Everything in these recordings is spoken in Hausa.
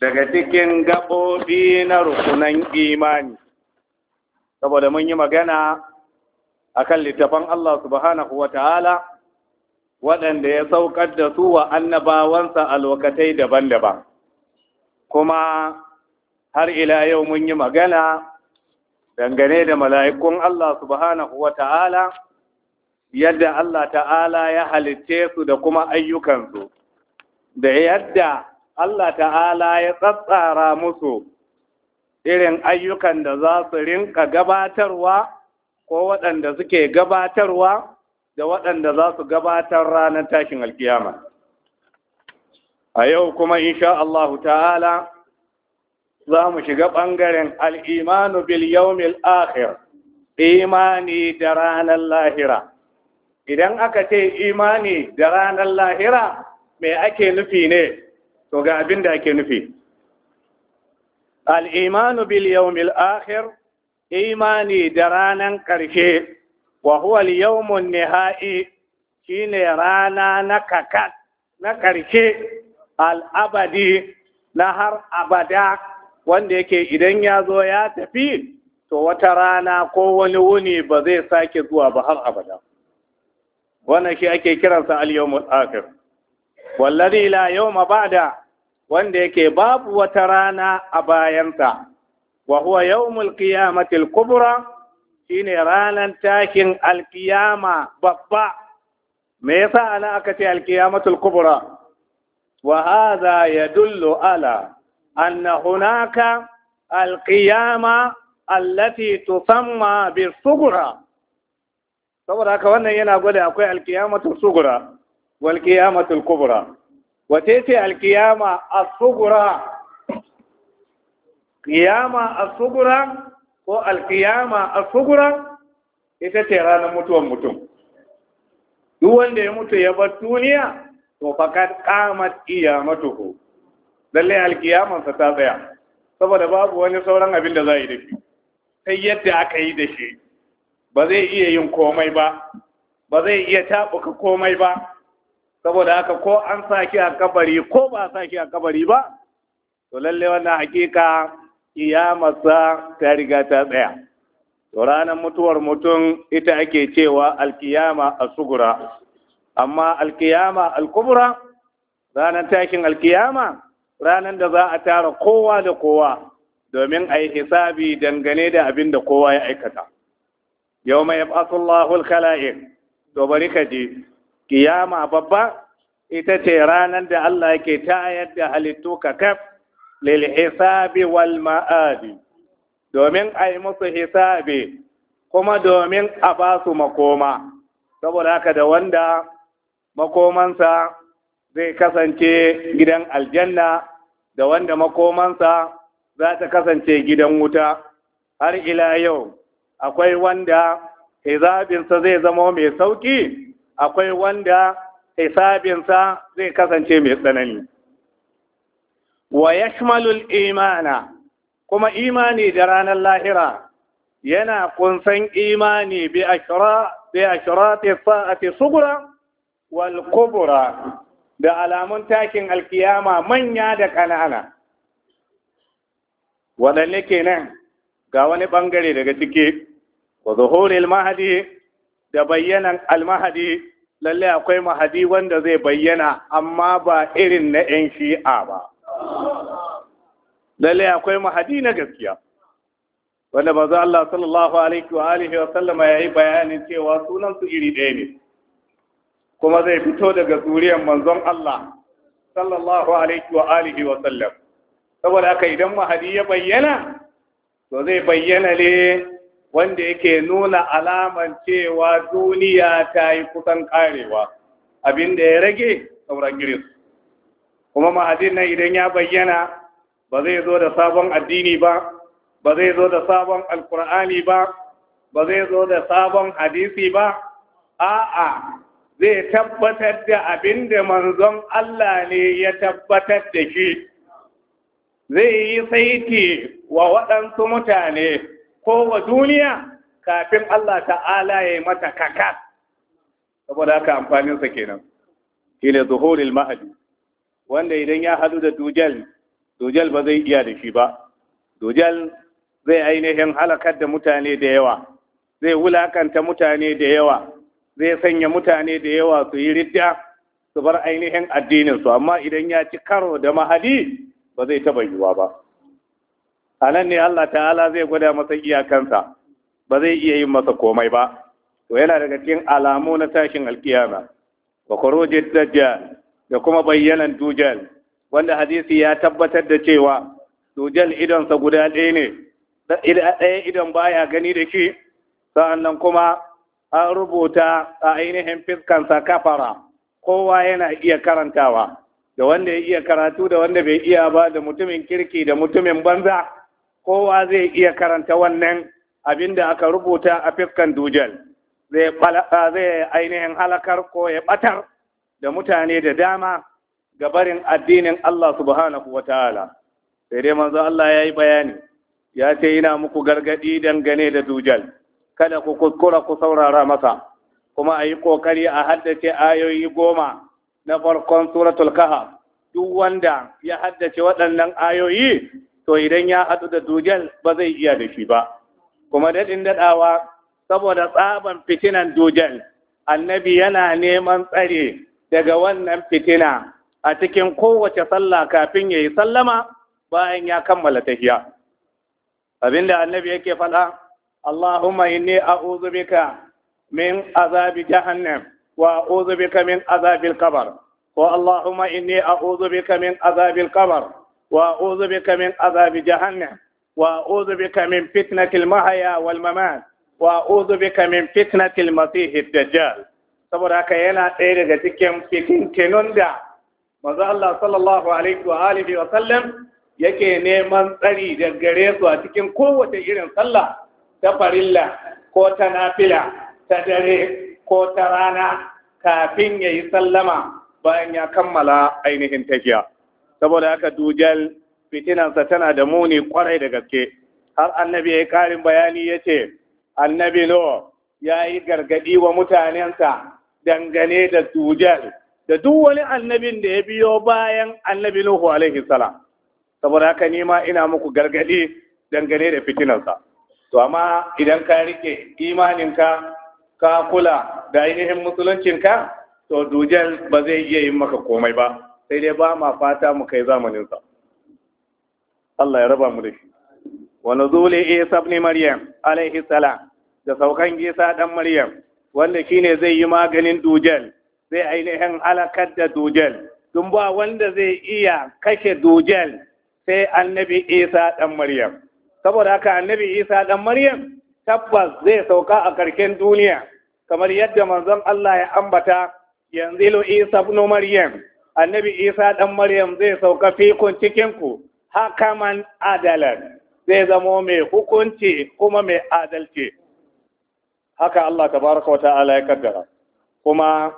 daga cikin gaɓoɓi na rukunan imani saboda mun yi magana a kan littafan Allah subhanahu wa ta'ala waɗanda ya saukar da su wa annabawansa a lokatai daban-daban kuma har ila yau mun yi magana dangane da mala'ikun Allah subhanahu wa ta'ala yadda Allah ta'ala ya halitte su da kuma ayyukansu da yadda Allah ta'ala ya tsatsara musu irin ayyukan da za su rinka gabatarwa ko waɗanda suke gabatarwa da waɗanda za su gabatar ranar tashin alkiyama. A yau kuma insha Allah ta'ala za mu shiga ɓangaren al'imanu bil mil akhir imani da ranar lahira. Idan aka ce imani da ranar lahira, me ake nufi ne? to ga abin da ake nufi al'imanu bil yawmil akhir imani da ranan ƙarshe wa huwa yawmun nihai shine rana na kakat na ƙarshe al'abadi na har abada wanda yake idan ya zo ya tafi to wata rana ko wani wuni ba zai sake zuwa ba har abada wannan shi ake kiransa al-yawmul akhir wallazi la yawma ba'da wanda yake babu wata rana a bayansa wa huwa yawmul qiyamati al-kubra shine ranan takin alkiyama babba me yasa ana aka ce Wahaza ya kubra wa hadha yadullu ala anna hunaka alqiyama allati tusamma sugura? saboda haka wannan yana gwada akwai alkiyamatu sugura wal qiyamatu kubra wace ce alkiyama as ko alkiyama as-sughra ita ce ranar mutuwan mutum duk wanda ya mutu ya bar duniya to faqad qamat qiyamatuhu lalle alkiyaman sa ta tsaya saboda babu wani sauran abin da za yi da shi sai yadda aka yi da shi ba zai iya yin komai ba ba zai iya tabuka komai ba saboda haka ko an sa a kabari ko ba sa shi a kabari ba to lalle wannan hakika kiyamarsa ta riga ta tsaya to ranar mutuwar mutum ita ake cewa alkiyama a sugura amma alkiyama alkubura ranar takin alkiyama ranar da za a tara kowa da kowa domin a yi hisabi dangane da abin da kowa ya aikata yau mai yab'asullahu alkala'iq to bari ka je kiyama babba ita ce ranar da Allah yake tayar da halittu kakaf lil hisabi wal ma'adi domin a yi musu hisabi kuma domin a ba su makoma saboda haka da wanda makomansa zai kasance gidan aljanna da wanda makomansa za ta kasance gidan wuta har ila yau akwai wanda hisabinsa zai zama mai sauki akwai wanda hisabinsa zai kasance mai tsanani wa yashmalul imana kuma imani da ranar lahira yana kunsan imani bi ashra bi ashrati wal kubura da alamun takin alkiyama manya da kanana Waɗanne kenan ga wani ɓangare daga ciki wa zuhuril mahadi da bayyanan almahadi lalle akwai mahadi wanda zai bayyana amma ba irin na 'yan shi'a ba lalle akwai mahadi na gaskiya wanda maza Allah sallallahu alaihi wa alihi wa sallama ya yi bayanin cewa sunansu iri ɗaya ne kuma zai fito daga zuriyar manzon Allah sallallahu alaihi wa alihi wa sallam saboda haka idan mahadi ya bayyana to zai bayyana ne wanda yake nuna alaman cewa duniya ta yi kusan karewa Abinda ya rage sauran giris kuma mahadin nan idan ya bayyana ba zai zo da sabon addini ba ba zai zo da sabon alkur'ani ba ba zai zo da sabon hadisi ba a'a zai tabbatar da abinda manzon Allah ne ya tabbatar da shi zai yi saiti wa waɗansu mutane Kowa duniya kafin Allah ta'ala ya yi mata kaka saboda haka amfaninsa kenan ne zuhuril mahadi wanda idan ya hadu da dujal dujal ba zai iya da shi ba dujal zai ainihin halakar da mutane da yawa zai wulakanta mutane da yawa zai sanya mutane da yawa su yi ridda su bar ainihin addininsu amma idan ya ci karo da mahadi ba zai taba yiwa ba a nan ne Allah ta'ala zai gwada masa iyakansa ba zai iya yin masa komai ba to yana daga cikin alamu na tashin alkiyama wa khurujid dajjal da kuma bayyanan dujal wanda hadisi ya tabbatar da cewa dujal sa guda ɗaya ne ɗaya idan baya gani da shi sa'annan kuma an rubuta a ainihin fiskansa kafara kowa yana iya karantawa da wanda ya iya karatu da wanda bai iya ba da mutumin kirki da mutumin banza kowa zai iya karanta wannan abin da aka rubuta a fiskan dujal zai ainihin halakar ko ya batar da mutane da dama ga barin addinin Allah subhanahu wa ta'ala sai dai manzo Allah ya yi bayani ya ce ina muku gargadi dangane da dujal kada ku kuskura ku saurara masa kuma a yi ƙoƙari a haddace ayoyi goma na farkon suratul kahf duk wanda ya haddace waɗannan ayoyi to idan ya haɗu da dujal ba zai iya da shi ba kuma daɗin daɗawa saboda tsaban fitinan dujal annabi yana neman tsare daga wannan fitina a cikin kowace sallah kafin ya yi sallama bayan ya kammala tafiya. abinda annabi yake faɗa Allahumma inni a'udhu bika min azabi jahannam wa a'udhu bika min azabil qabr wa Allahumma inni a'udhu bika min azabil qabr وأعوذ بك من عذاب جهنم وأعوذ بك من فتنة المحيا والممات وأعوذ بك من فتنة المسيح الدجال saboda haka yana ɗaya daga cikin fitintinun da manzo sallallahu alaihi wa wa sallam yake neman tsari da gare su a cikin kowace irin sallah ta farilla ko ta nafila ta dare ko ta rana kafin yayi sallama bayan ya kammala ainihin tafiya saboda haka dujal fitinansa tana da muni kwarai da gaske har annabi ya yi karin bayani ya ce annabi no ya yi gargadi wa mutanensa dangane da dujal da duk wani annabin da ya biyo bayan annabi nuhu alaihi salam saboda haka ni ma ina muku gargadi dangane da fitinansa to amma idan ka rike imaninka ka kula da ainihin musuluncinka to dujal ba zai iya yin maka komai ba sai dai ba ma fata mu kai zamaninsa Allah ya raba mu da shi wa nuzuli isa ibn maryam alaihi salam da saukan isa dan maryam wanda shine zai yi maganin dujal zai ainihin alakar da dujal tun ba wanda zai iya kashe dujal sai annabi isa dan maryam saboda haka annabi isa dan maryam tabbas zai sauka a karken duniya kamar yadda manzon Allah ya ambata yanzu isa ibn maryam annabi isa ɗan maryam zai sauka fikun cikinku hakaman adalan zai zamo mai hukunci kuma mai adalci haka Allah ta baraka wa ta'ala ya kaddara kuma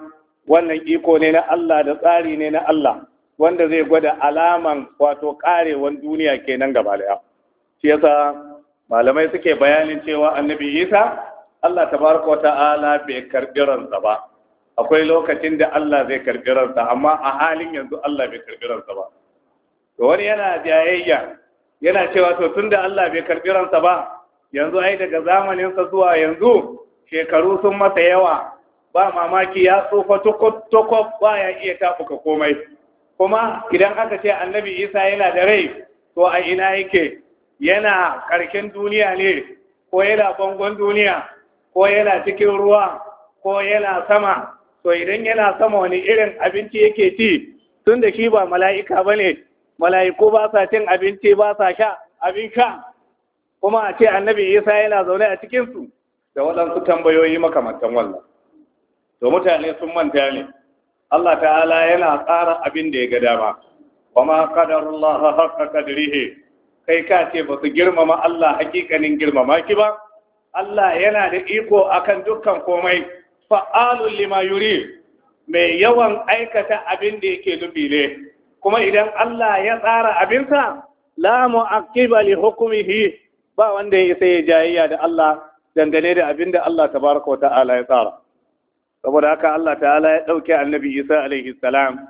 wannan iko ne na Allah da tsari ne na Allah wanda zai gwada alaman wato karewan duniya kenan gaba daya shi yasa malamai suke bayanin cewa annabi isa Allah ta baraka wa ta'ala bai karbi ransa ba akwai lokacin da Allah zai karbi ransa amma a halin yanzu Allah bai karɓi ransa ba to wani yana jayayya yana cewa to tunda Allah bai karbi ransa ba yanzu ai daga zamanin sa zuwa yanzu shekaru sun masa yawa ba mamaki ya tsufa tokotoko ba ya iya tafuka komai kuma idan aka ce annabi isa yana da rai to a ina yake yana karshen duniya ne ko yana bangon duniya ko yana cikin ruwa ko yana sama to idan yana sama wani irin abinci yake ci tun da shi ba mala'ika ba ne mala'iku ba sa cin abinci ba sa sha abin sha kuma a ce annabi isa yana zaune a cikinsu da waɗansu tambayoyi makamantan wannan to mutane sun manta ne Allah ta'ala yana tsara abin da ya ga dama ba ma qadarullah haqqa qadrihi kai ka ce ba su girmama Allah hakikanin girmama ki ba Allah yana da iko akan dukkan komai fa'alun limayuri mai yawan aikata abin da yake nufi ne kuma idan Allah ya tsara abinsa la a kibali hukumihi ba wanda ya sai jayayya da Allah dangane da abin da Allah baraka wa ta'ala ya tsara saboda haka Allah ta'ala ya ɗauki annabi Isa salam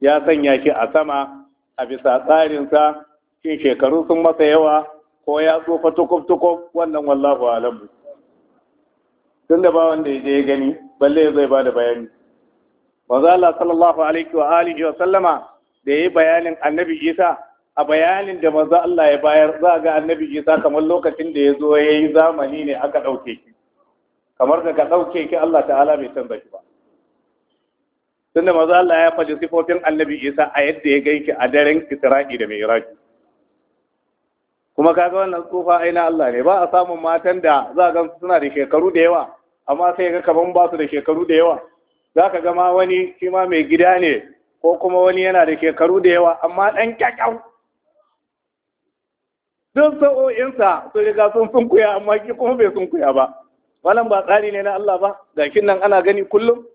ya sanya shi a sama a bisa tsarinsa shin shekaru sun masa yawa ko ya tsufa tukuf tukuf wannan wallahu alamu tun da ba wanda ya je ya gani balle zai ba da bayani manzo Allah sallallahu alaihi wa alihi wa sallama da yayi bayanin annabi Isa a bayanin da maza Allah ya bayar za ga annabi Isa kamar lokacin da ya zo ya yi zamani ne aka ɗauke ki, kamar da ka ɗauke ki Allah ta'ala bai san shi ba tunda maza Allah ya faɗi sifofin annabi Isa a yadda ya gaiki a daren Isra'i da Mi'raj kuma kaga wannan tsofa aina Allah ne ba a samun matan da za a gansu suna da shekaru da yawa amma sai ga kaman ba su da shekaru da yawa za ka gama wani shi ma mai gida ne ko kuma wani yana da shekaru da yawa amma ɗan kyakyau duk sa'o'insa sun riga sun sunkuya amma ki kuma bai sunkuya ba wannan ba tsari ne na Allah ba ga nan ana gani kullum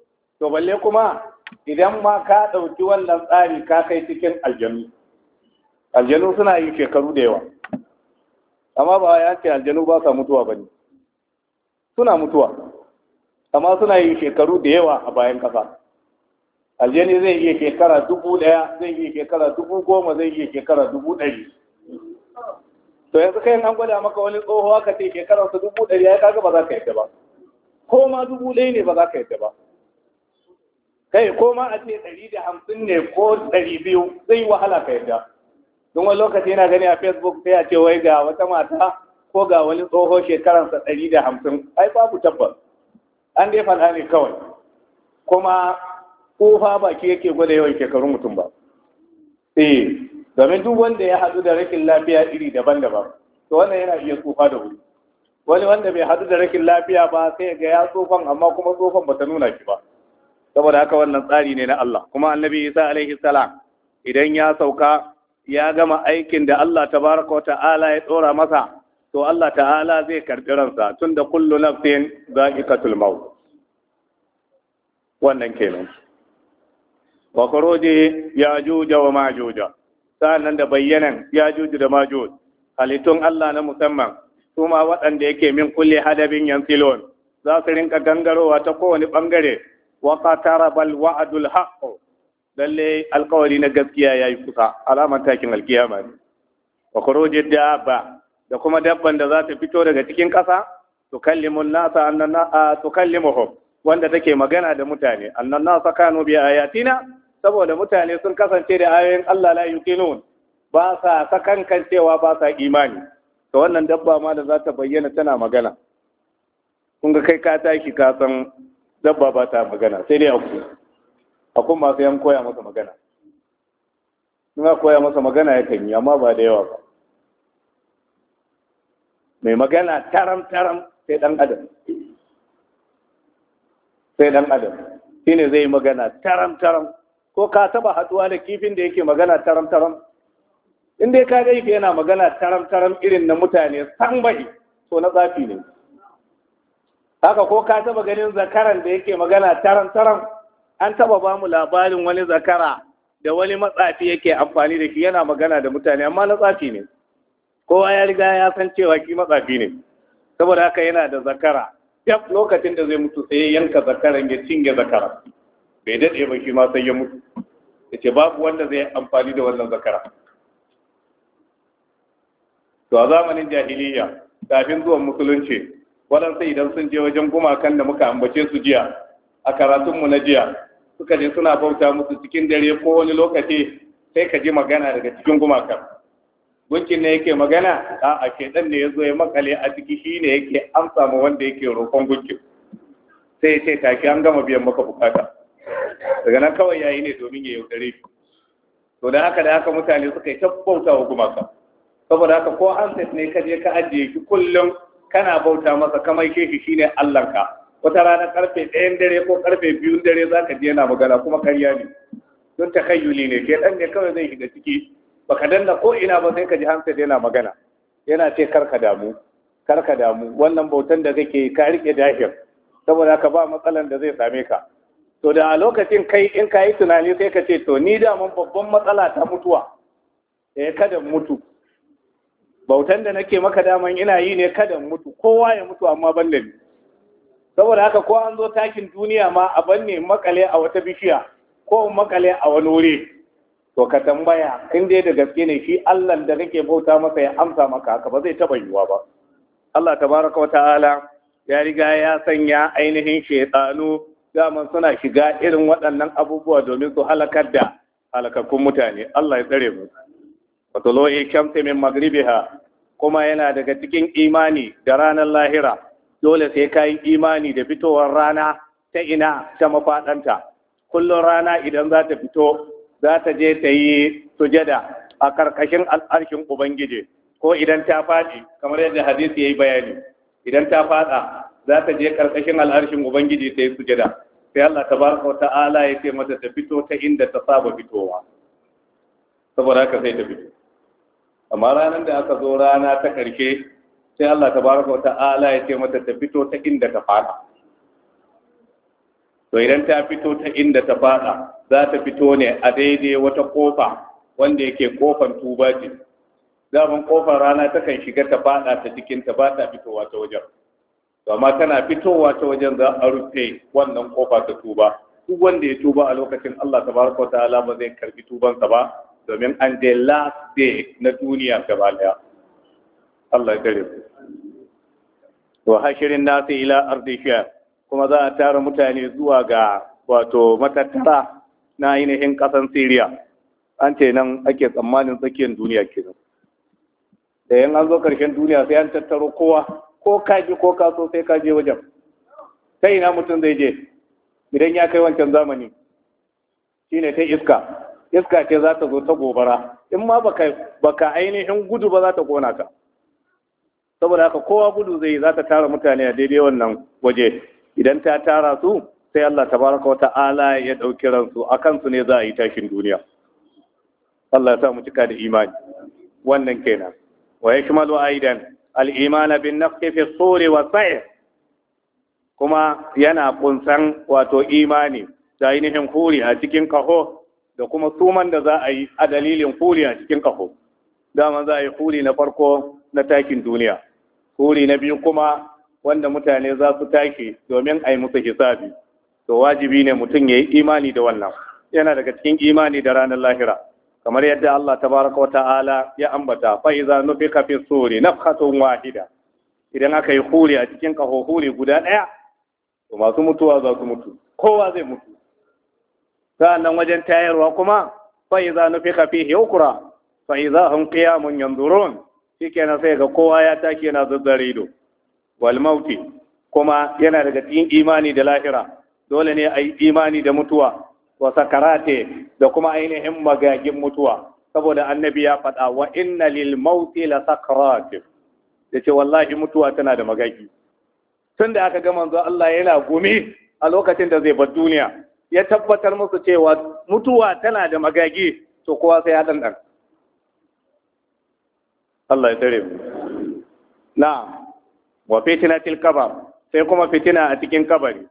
to balle kuma idan ma ka ɗauki wannan tsari ka kai cikin aljanu aljanu suna yin shekaru da yawa amma ba ya ce aljanu ba sa mutuwa ba ne suna mutuwa amma suna yin shekaru da yawa a bayan kasa. aljani zai iya shekara dubu ɗaya zai iya shekara dubu goma zai iya shekara dubu dari. to yanzu kai an gwada maka wani tsoho aka ce shekara su dubu dari ya kaga ba za ka yadda ba ko ma dubu ɗaya ne ba za ka yadda ba kai ko ma a ce ɗari da hamsin ne ko ɗari biyu zai wahala ka yadda don wani lokaci yana gani a facebook sai a ce wai ga wata mata ko ga wani tsoho shekaransa ɗari da hamsin ai babu tabbas an dai faɗa ne kawai kuma kofa baki yake gwada yawan shekarun mutum ba eh domin duk wanda ya haɗu da rashin lafiya iri daban-daban to wannan yana iya tsufa da wuri wani wanda bai haɗu da rashin lafiya ba sai ga ya tsofan amma kuma ba ta nuna shi ba saboda haka wannan tsari ne na Allah kuma annabi Isa alaihi salam idan ya sauka ya gama aikin da Allah baraka wa ta'ala ya tsora masa to Allah ta'ala zai karɓi ransa tunda kullu nafsin za'iqatul maut wannan kenan je ya juja wa ma'juj nan da bayyanan juji da ma juji, halittun Allah na musamman kuma waɗanda yake min kulle hadabin yansilon za su rinka gangarowa ta kowane ɓangare wa qatarabal wa'adul haƙo, lalle alkawari na gaskiya ya yi kusa alamar takin alkiyama ne wa kuroje dabba da kuma dabban da za ta fito daga cikin ƙasa kallimun nasa to kallimuhum wanda take magana da mutane annan nasa kanu bi ayatina saboda mutane sun kasance da ayoyin Allah la yuqinun ba sa sakankan cewa ba sa imani to wannan dabba ma da za ta bayyana tana magana kun ga kai ka tashi ka san dabba ba ta magana sai dai aku akwai masu yan koya masa magana suna koya masa magana ya kan yi amma ba da yawa ba mai magana taram taram sai dan adam sai dan adam shine zai yi magana taram taram ko ka taba haduwa da kifin da yake magana taram taram in dai ka ga yake yana magana taram taram irin na mutane san bai to na tsafi ne haka ko ka taba ganin zakaran da yake magana taram taram an taba ba mu labarin wani zakara da wani matsafi yake amfani da shi yana magana da mutane amma na tsafi ne kowa ya riga ya san cewa ki matsafi ne saboda haka yana da zakara duk lokacin da zai mutu sai yanka zakaran ya cinye zakara bai daɗe ba shi ma sai ya mutu yace babu wanda zai amfani da wannan zakara to a zamanin jahiliya kafin zuwan musulunci waɗansu idan sun je wajen gumakan da muka ambace su jiya a karatunmu na jiya suka je suna bauta musu cikin dare ko wani lokaci sai ka ji magana daga cikin gumaka gunkin ne yake magana a a shedan ne ya zo ya makale a ciki shi ne yake amsa ma wanda yake roƙon gunkin sai ce take an gama biyan maka bukata daga nan kawai yayi ne domin ya yaudare shi to da haka da haka mutane suka yi ta bauta wa gumaka saboda haka ko an ne ka je ka ajiye shi kullum kana bauta masa kamar shi shine ka. wata rana karfe ɗayan dare ko karfe biyun dare za ka je yana magana kuma karya ne don takayyuli ne ke ɗan ne kawai zai shiga ciki Ba ka danna ko ina ba sai ka ji hamsa yana magana yana ce karka damu karka damu wannan bautan da kake ka rike dahir saboda ka ba matsalan da zai same ka to da a lokacin kai in ka yi tunani sai ka ce to ni daman babban matsala ta mutuwa eh kada mutu bautan da nake maka daman ina yi ne kada mutu kowa ya mutu amma ban da ni saboda haka ko an zo takin duniya ma a banne makale a wata bishiya ko makale a wani wuri to ka tambaya in dai da gaske ne shi Allah da kake bauta masa ya amsa maka haka ba zai taba yiwuwa ba Allah tabaraka wa ta'ala ya riga ya sanya ainihin shaytanu daman suna shiga irin waɗannan abubuwa domin su halakar da halakakkun mutane Allah ya tsare mu wato lo'i shamsi min magribiha kuma yana daga cikin imani da ranar lahira dole sai ka yi imani da fitowar rana ta ina ta mafaɗanta kullum rana idan za ta fito za ta je ta yi sujada a ƙarƙashin al'arshin ubangiji ko idan ta faɗi kamar yadda hadisi ya yi bayani idan ta faɗa za ta je ƙarƙashin al'arshin ubangiji ta yi sujada sai Allah tabaraka wa ta'ala ya ce mata ta fito ta inda ta saba fitowa saboda haka sai ta fito amma ranar da aka zo rana ta ƙarshe. sai Allah tabaraka wata'ala ya ce mata ta fito ta inda ta fada to idan ta fito ta inda ta fada za ta fito ne a daidai wata kofa wanda yake kofan tuba ce kofar rana takan shiga ta fada ta cikin ta ba ta fitowa ta wajen to amma tana fitowa ta wajen za a rufe wannan kofa ta tuba duk wanda ya tuba a lokacin Allah tabaraka wata'ala ba zai karbi tubansa ba domin an je last day na duniya gaba daya Allah ya ku. To hashirin nasu ila ardishiya kuma za a tara mutane zuwa ga wato matattara na ainihin kasan Siriya an ce nan ake tsammanin tsakiyar duniya kenan da yan an zo ƙarshen duniya sai an tattaro kowa ko kaji ko kaso sai ka je wajen ta ina mutum zai je idan ya kai wancan zamani Shi ne ta iska iska ce za ta zo ta gobara in ma baka ainihin gudu ba za ta kona ka saboda haka kowa gudu zai za ta tara mutane a daidai wannan waje idan ta tara su sai Allah Ta baraka wa ta'ala ya ɗauki ransu a kansu ne za a yi tashin duniya Allah ya sa mu cika da imani wannan kenan wa yashmalu aidan al-imana bin nafsi fi tsore wa tsaye kuma yana kunsan wato imani da ainihin huri a cikin kaho da kuma suman da za a yi a dalilin huri a cikin kaho dama za a yi huri na farko na takin duniya Huri na biyu kuma wanda mutane za su take domin a yi musu hisabi. To wajibi ne mutum ya yi imani da wannan. Yana daga cikin imani da ranar lahira. Kamar yadda Allah baraka wa ta'ala ya ambata fa nufi kafin fi na nafhatun wahida. Idan aka yi huri a cikin kaho huri guda ɗaya, to masu mutuwa za su mutu. Kowa zai mutu. Sa'annan wajen tayarwa kuma fa nufi kafin hukura ukra fa iza hum yanzu yanzurun. shikenan sai ga kowa ya tashi yana zazzare ido wal kuma yana daga cikin imani da lahira dole ne ai imani da mutuwa wa sakarate da kuma ainihin magagin mutuwa saboda annabi ya faɗa wa inna lil mauti la sakarat yace wallahi mutuwa tana da magagi tunda aka ga manzo Allah yana gumi a lokacin da zai bar duniya ya tabbatar musu cewa mutuwa tana da magagi to kowa sai ya dandan Allah ya tare mu na wa til kabar sai kuma fitina a cikin kabari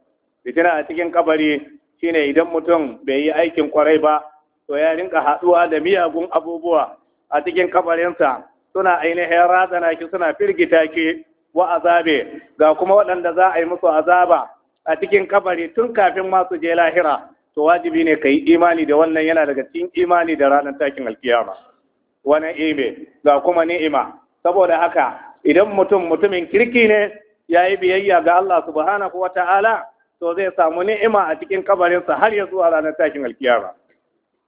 fitina a cikin kabari shine idan mutum bai yi aikin kwarai ba to ya rinka haɗuwa da miyagun abubuwa a cikin kabarinsa suna ainihin razana ki suna firgita ki wa azabe ga kuma waɗanda za a yi musu azaba a cikin kabari tun kafin masu je lahira to wajibi ne ka yi imani da wannan yana daga cikin imani da ranar takin alkiyama wani na'ime ga kuma ni'ima saboda haka idan mutum mutumin kirki ne ya yi biyayya ga Allah subhanahu wa ta'ala to zai samu ni'ima a cikin kabarinsa har ya zuwa ranar tashin alkiyama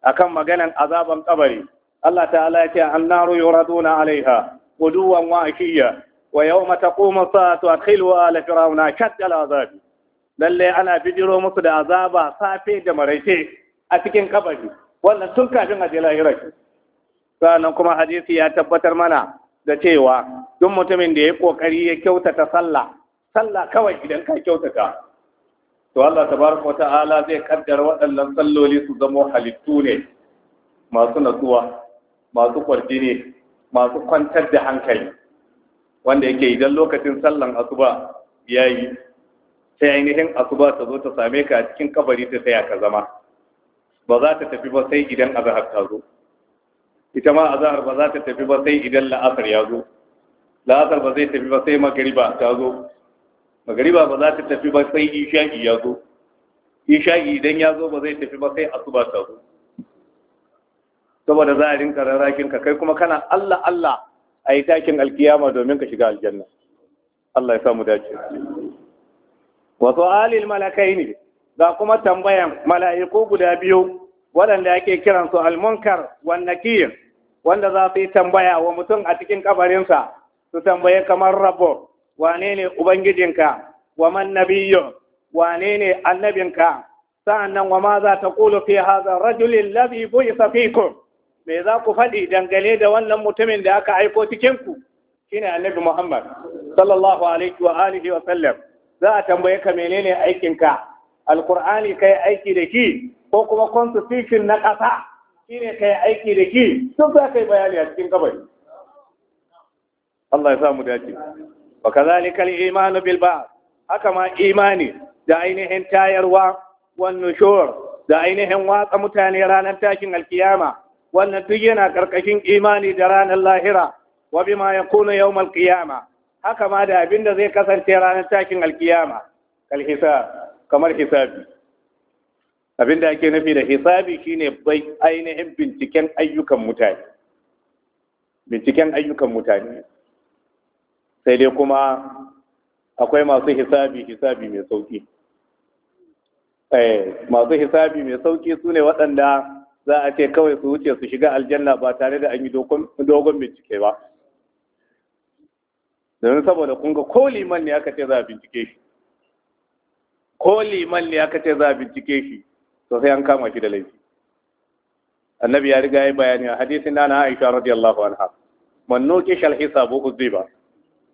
akan maganan azaban kabari Allah ta'ala ya ce annaru yuraduna alaiha guduwan wa akiyya wa yawma taqumu sa'atu adkhilu ala fir'auna shadda al'azab lalle ana fijiro musu da azaba safe da maraice a cikin kabari wannan tun kafin a je lahirar sannan kuma hadisi ya tabbatar mana da cewa duk mutumin da ya kokari ya kyautata sallah sallah kawai idan ka kyautata to Allah tabaraka wata'ala zai kaddara waɗannan salloli su zama halittu ne masu natsuwa masu kwarjini masu kwantar da hankali wanda yake idan lokacin sallan asuba ya sai ainihin asuba ta zo ta same ka a cikin kabari ta tsaya ka zama ba za ta tafi ba sai idan azhar ta zo ita ma azhar ba za ta tafi ba sai idan la'asar ya zo la'asar ba zai tafi ba sai magariba ta zo magariba ba za ta tafi ba sai isha'i ya zo isha'i idan ya zo ba zai tafi ba sai asuba ta zo saboda za a rinka rarrakin ka kai kuma kana Allah Allah a yi takin alkiyama domin ka shiga aljanna Allah ya samu dace wato alil malakai ne ga kuma tambayan mala'iku guda biyu waɗanda ake kiransu almunkar wan nakir wanda za su yi tambaya wa mutum a cikin kabarinsa su tambaye kamar rabbo wane ne ubangijinka wa man nabiyyu wane ne annabinka sa'annan wa ma za ta kulu fi hadha rajul alladhi bu'itha fikum me za ku faɗi dangane da wannan mutumin da aka aiko cikin ku shine annabi Muhammad sallallahu alaihi wa alihi wa sallam za a tambaye ka menene aikinka alqur'ani kai aiki da ki ko kuma constitution na ƙasa shine kai aiki da ki tun za ka yi bayani a cikin kabari Allah ya sa mu dace wa kazalikal imanu bil ba'd haka ma imani da ainihin tayarwa wan nushur da ainihin watsa mutane ranar takin alkiyama wannan duk yana karkashin imani da ranar lahira wa bima yakunu yawmal qiyama haka ma da abin da zai kasance ranar takin alkiyama kal hisab kamar hisabi abin da ake nufi da hisabi shine bai ainihin binciken ayyukan mutane binciken ayyukan mutane sai dai kuma akwai masu hisabi hisabi mai sauki eh, masu hisabi mai sauki su ne waɗanda za a ce kawai su wuce su shiga aljanna ba tare da an yi dogon bincike ba domin saboda kunga ko liman ne aka ce za a bincike shi ko liman ne aka ce za a bincike shi to sai an kama shi da laifi annabi ya riga ya bayani a hadisin na Aisha radiyallahu anha man nuki shal hisabu uziba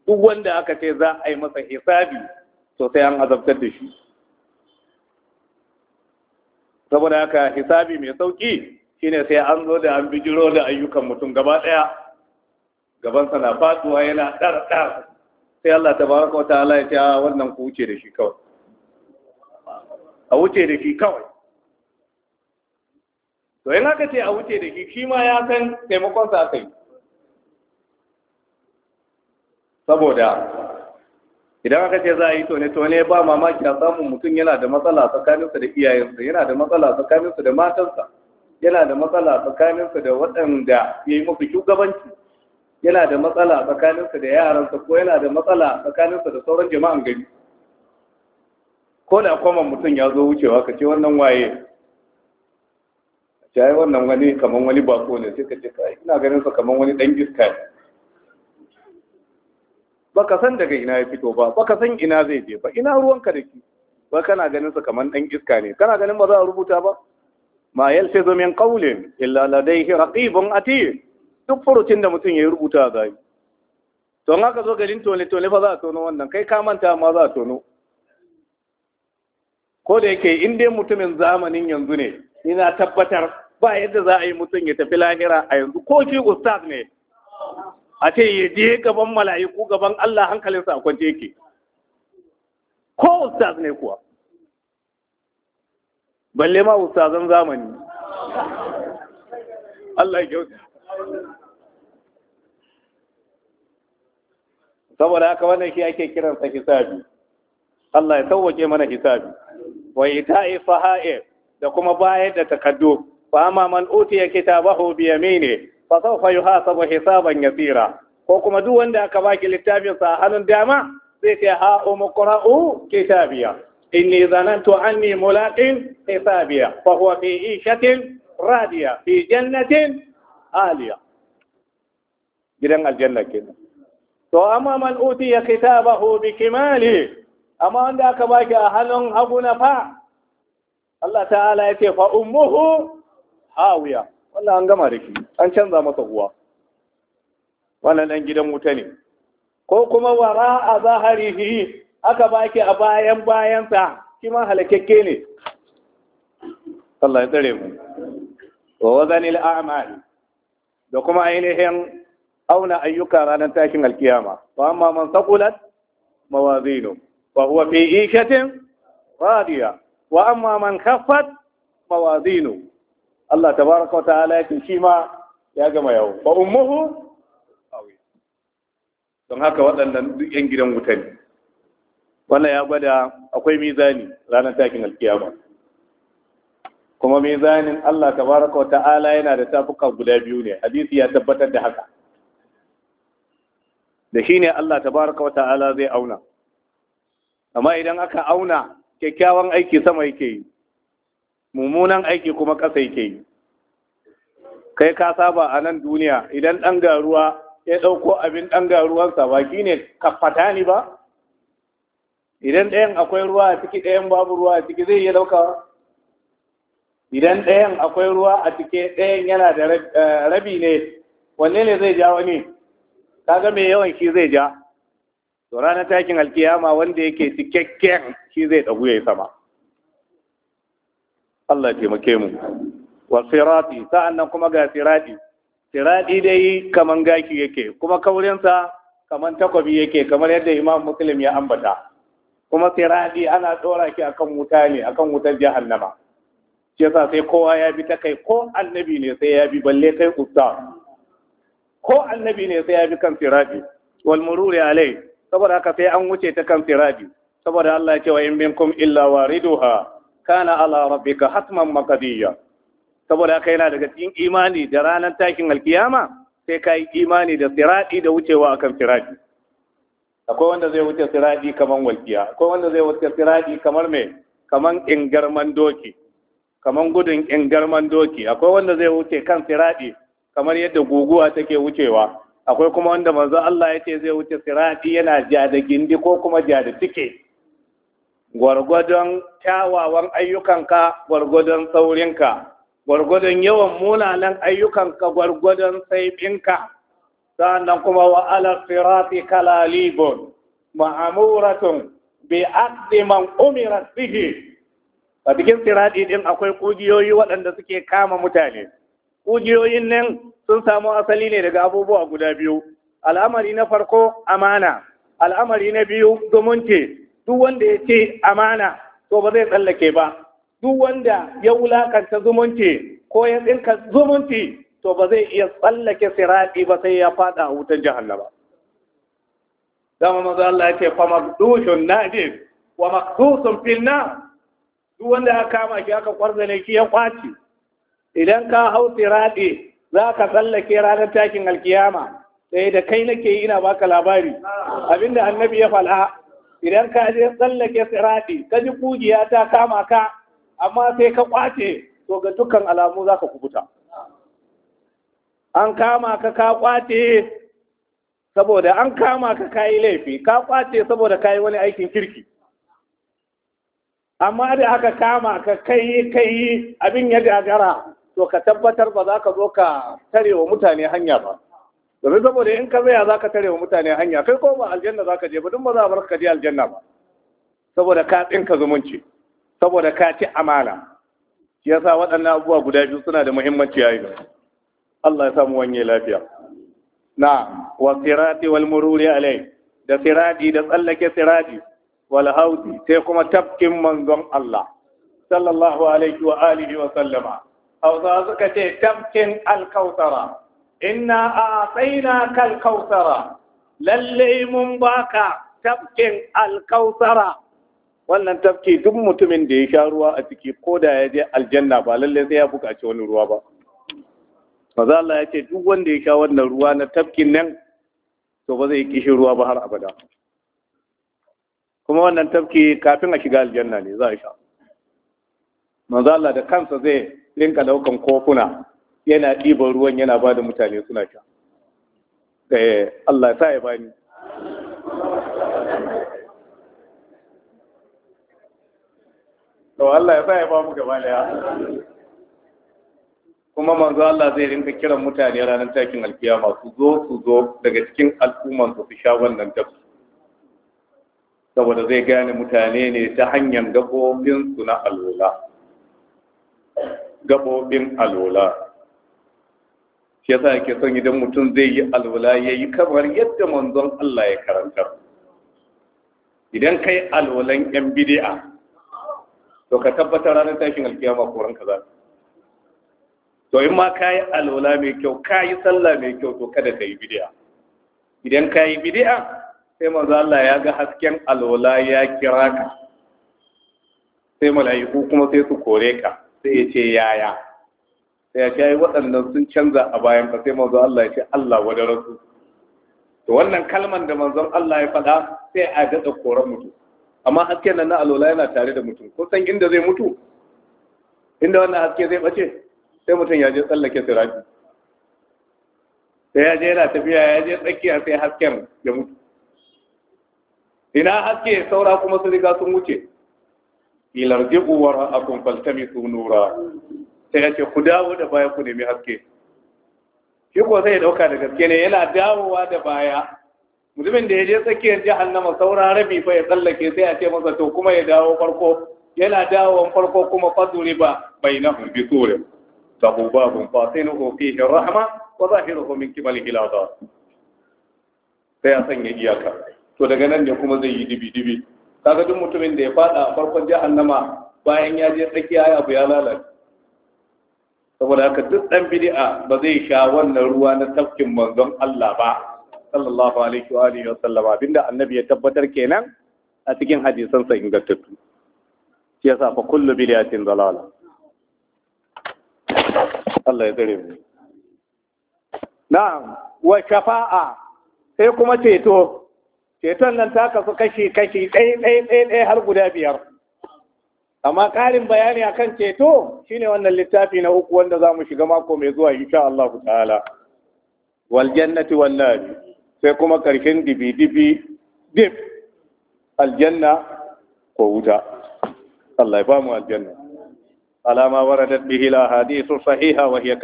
duk wanda aka ce za a yi masa hisabi to sai an azabtar da shi saboda aka hisabi mai sauki shine sai an zo da an bijiro da ayyukan mutum gaba daya gabansa na faduwa yana dar dar sai Allah tabaraka wa ta'ala ya ce wannan ku wuce da shi kawai a wuce da shi kawai to in aka ce a wuce da shi shi ma ya san taimakon sa kai saboda idan aka ce za a yi tone-tone ba mamaki a samun mutum yana da matsala tsakaninsa da iyayensa yana da matsala tsakaninsa da matansa yana da matsala tsakaninsa da waɗanda ya yi mafi shugabanci yana da matsala tsakaninsa da yaransa ko yana da matsala tsakaninsa da sauran jama'an gari ko da kwaman mutum ya zo wucewa ka ce wannan waye ya yi wannan wani kamar wani bako ne sai ka ce kai ina ganin sa kamar wani dan iska ne baka san daga ina ya fito ba baka san ina zai je ba ina ruwanka da shi ba kana ganin sa kamar dan iska ne kana ganin ba za a rubuta ba ma yalfizu min qawlin illa ladayhi raqibun atid duk furucin da mutum ya rubuta zai to an aka zo garin tole tole fa za a tono wannan kai ka manta ma za a tono ko da yake in dai mutumin zamanin yanzu ne ina tabbatar ba yadda za a yi mutum ya tafi lahira a yanzu ko shi ustaz ne a ce ya je gaban mala'iku gaban Allah hankalinsa a kwance yake ko ustaz ne kuwa balle ma ustazan zamani Allah ya kyauta saboda haka wannan shi ake kiransa hisabi Allah ya sauwake mana hisabi wa ita'i faha'ir da kuma bayar da takaddu To amma man uti ya kitabar Habiyamine, fasafa Yuhasua sabon hisaban Nasira, ko kuma duk wanda aka baki littafinsa a hanun dama, zai saya a haɗon muku ra'u kitabiya. Inni zanen tu an yi mula'in kitabiya, kowa fiye shatin ra'abiya, fiye jannatin aliyah. To amma man uti ya kitabar Kimali, amma wanda aka baki a hannun Hakuna fa, Allah Ta'ala ya ce fa Umuhu. hawiya wannan an gama da shi an canza masa uwa wannan dan gidan wuta ne ko kuma wara a fi aka baki a bayan bayansa shi ma halakakke ne Sallai ya tsare mu wa wazanil a'mal da kuma ainihin auna ayyuka ranar tashin alkiyama wa amma man saqulat mawazinu fa huwa fi ishatin radiya wa amma man khaffat mawazinu Allah tabaraka wa ta'ala yake shi ma ya gama yawo ba ummuhu don haka waɗannan duk yan gidan wuta ne wannan ya gwada akwai mizani ranar takin alkiyama kuma mizanin Allah tabaraka wa ta'ala yana da tafuka guda biyu ne hadisi ya tabbatar da haka da shi ne Allah tabaraka wa ta'ala zai auna amma idan aka auna kyakkyawan aiki sama yake yi mummunan aiki kuma ƙasa yake yi kai ka saba a nan duniya idan ɗan garuwa ya ɗauko abin ɗan garuwansa baki ne kafata ni ba idan ɗayan akwai ruwa a ciki ɗayan babu ruwa a ciki zai iya ɗaukawa idan ɗayan akwai ruwa a ciki ɗayan yana da eh, rabi ne wanne ne zai ja wani kaga mai yawan shi zai ja to ranar takin alkiyama wanda yake cikakken shi zai ɗagu ya sama Allah taimake mu wa sirati sa'annan kuma ga sirati sirati dai kaman gaki yake kuma kaurinsa kaman takobi yake kamar yadda Imam Muslim ya ambata kuma sirati ana ɗora ki akan wuta ne akan wutar jahannama shi yasa sai kowa ya bi ta kai ko annabi ne sai ya bi balle kai usta ko annabi ne sai ya bi kan sirati wal mururi alai saboda haka sai an wuce ta kan sirati saboda Allah ya ce wa in minkum illa wariduha kana ala rabbika hatman maqdiya saboda haka yana daga cikin imani da ranar takin alkiyama sai ka yi imani da siradi da wucewa akan siradi akwai wanda zai wuce siradi kamar walkiya akwai wanda zai wuce siradi kamar me kamar ingarman doki kamar gudun ingarman doki akwai wanda zai wuce kan siradi kamar yadda guguwa take wucewa akwai kuma wanda manzo Allah ya ce zai wuce siradi yana jada gindi ko kuma jada tike gwargwadon kyawawan ayyukanka gwargwadon saurinka gwargwadon yawan munanan ayyukanka gwargwadon saifinka sa'annan kuma wa ala sirati kalalibun ma'amuratun bi aqdi man umirat bihi a cikin sirati ɗin akwai kugiyoyi waɗanda suke kama mutane kugiyoyin nan sun samu asali ne daga abubuwa guda biyu al'amari na farko amana al'amari na biyu zumunci duk wanda ya ce amana to ba zai tsallake ba duk wanda ya wulakanta zumunci ko ya tsinka zumunci to ba zai iya tsallake siraɗi ba sai ya fada a wutar jahannama Zama maza Allah ya ce fa mabdushun Nadi, wa maqdusun fil duk wanda ya kama shi aka kwarzane shi ya kwaci idan ka hau siraɗi za ka tsallake ranar takin alkiyama sai eh, da kai nake yi ina baka labari abinda annabi ya fala idan ka je tsallake tsiraɗi, ka ji ƙugiya ta kama ka amma sai ka ƙwace to ga dukkan alamu za ka kubuta an kama ka ka ƙwace saboda an kama ka kayi laifi ka ƙwace saboda kayi wani aikin kirki amma da aka kama ka kai kai abin ya gagara to ka tabbatar ba za ka zo ka tare wa mutane hanya ba domin saboda in ka zaya za ka tare wa mutane hanya kai ko ba aljanna za ka je ba duk ba za a bar ka je aljanna ba saboda ka tsinka zumunci saboda ka ci amana shi yasa waɗannan abubuwa guda biyu suna da muhimmanci yayi Allah ya samu wanye lafiya na wa sirati wal mururi alai da Siradi da tsallake sirati wal hauti sai kuma tafkin manzon Allah sallallahu alaihi wa alihi wa sallama hausa suka ce tafkin alkautara inna a tsaina kautsara lalle mun baka tafkin alkautara wannan tafki duk mutumin da ya sha ruwa a ciki ko da ya je aljanna ba lalle sai ya buƙaci wani ruwa ba maza Allah ya ce duk wanda ya sha wannan ruwa na tafkin nan to ba zai kishi ruwa ba har abada kuma wannan tafki kafin a shiga aljanna ne za a sha maza Allah da kansa zai rinka daukan kofuna yana ɗiban ruwan yana ba da mutane suna sha eh, Allah sa ya bani to Allah ya sa ya ba mu gaba daya kuma manzo Allah zai rinka kiran mutane ranar takin alkiyama su zo su zo daga cikin al'umman su sha wannan tafi. saboda zai gane mutane ne ta hanyar gabobin su na alola gabobin alola shi za ke son idan mutum zai yi alwala yi kamar yadda manzon Allah ya karantar idan ka yi alwalan yan bid'a to ka tabbatar ranar tashin alkiyama koran za to in ma ka yi alwala mai kyau ka yi sallah mai kyau to kada ka yi bid'a idan ka yi bid'a sai manzo Allah ya ga hasken alwala ya kira ka sai mala'iku kuma sai su kore ka sai ya ce yaya sai ya kai waɗannan sun canza a bayan ka sai manzon Allah ya ce Allah wa darasu to wannan kalman da manzon Allah ya faɗa sai a daɗa koran mutum amma hasken nan na alola yana tare da mutum ko san inda zai mutu inda wannan haske zai bace sai mutum ya je tsallake sirafi sai ya je yana tafiya ya je tsakiya sai hasken ya mutu ina haske saura kuma su riga sun wuce ilarji'u wara'akum su nura sai ya ce ku dawo da baya ku nemi haske shi ko sai ya dauka da gaske ne yana dawowa da baya mutumin da ya je tsakiyar jahannama saura rabi fa ya tsallake sai a ce masa to kuma ya dawo farko yana dawowan farko kuma faduri ba bainahum bi na lahu babun rahama ko za wa zahiruhu min qibalihi al'adab sai a sanya iyaka to daga nan ne kuma zai yi dibi dibi kaga duk mutumin da ya fada a farkon jahannama bayan ya je tsakiya abu ya lalace saboda haka duk ɗan bid'a ba zai sha wannan ruwa na tafkin manzon Allah ba sallallahu alaihi wa alihi wa sallama abinda annabi ya tabbatar kenan a cikin hadisan sa ingantattu shi yasa fa kullu bid'atin dalala Allah ya tsare mu na'am wa shafa'a sai kuma ceto ceton nan ta kasu kashi kashi ɗaya ɗaya ɗaya har guda biyar amma ƙarin bayani akan ceto shine wannan littafi na uku wanda za mu shiga mako mai zuwa insha Allah ta'ala wal jannati wal nar sai kuma karshen dibi dibi dib aljanna ko wuta Allah ya ba mu aljanna alama waradat bihi la hadithu sahiha wa hiya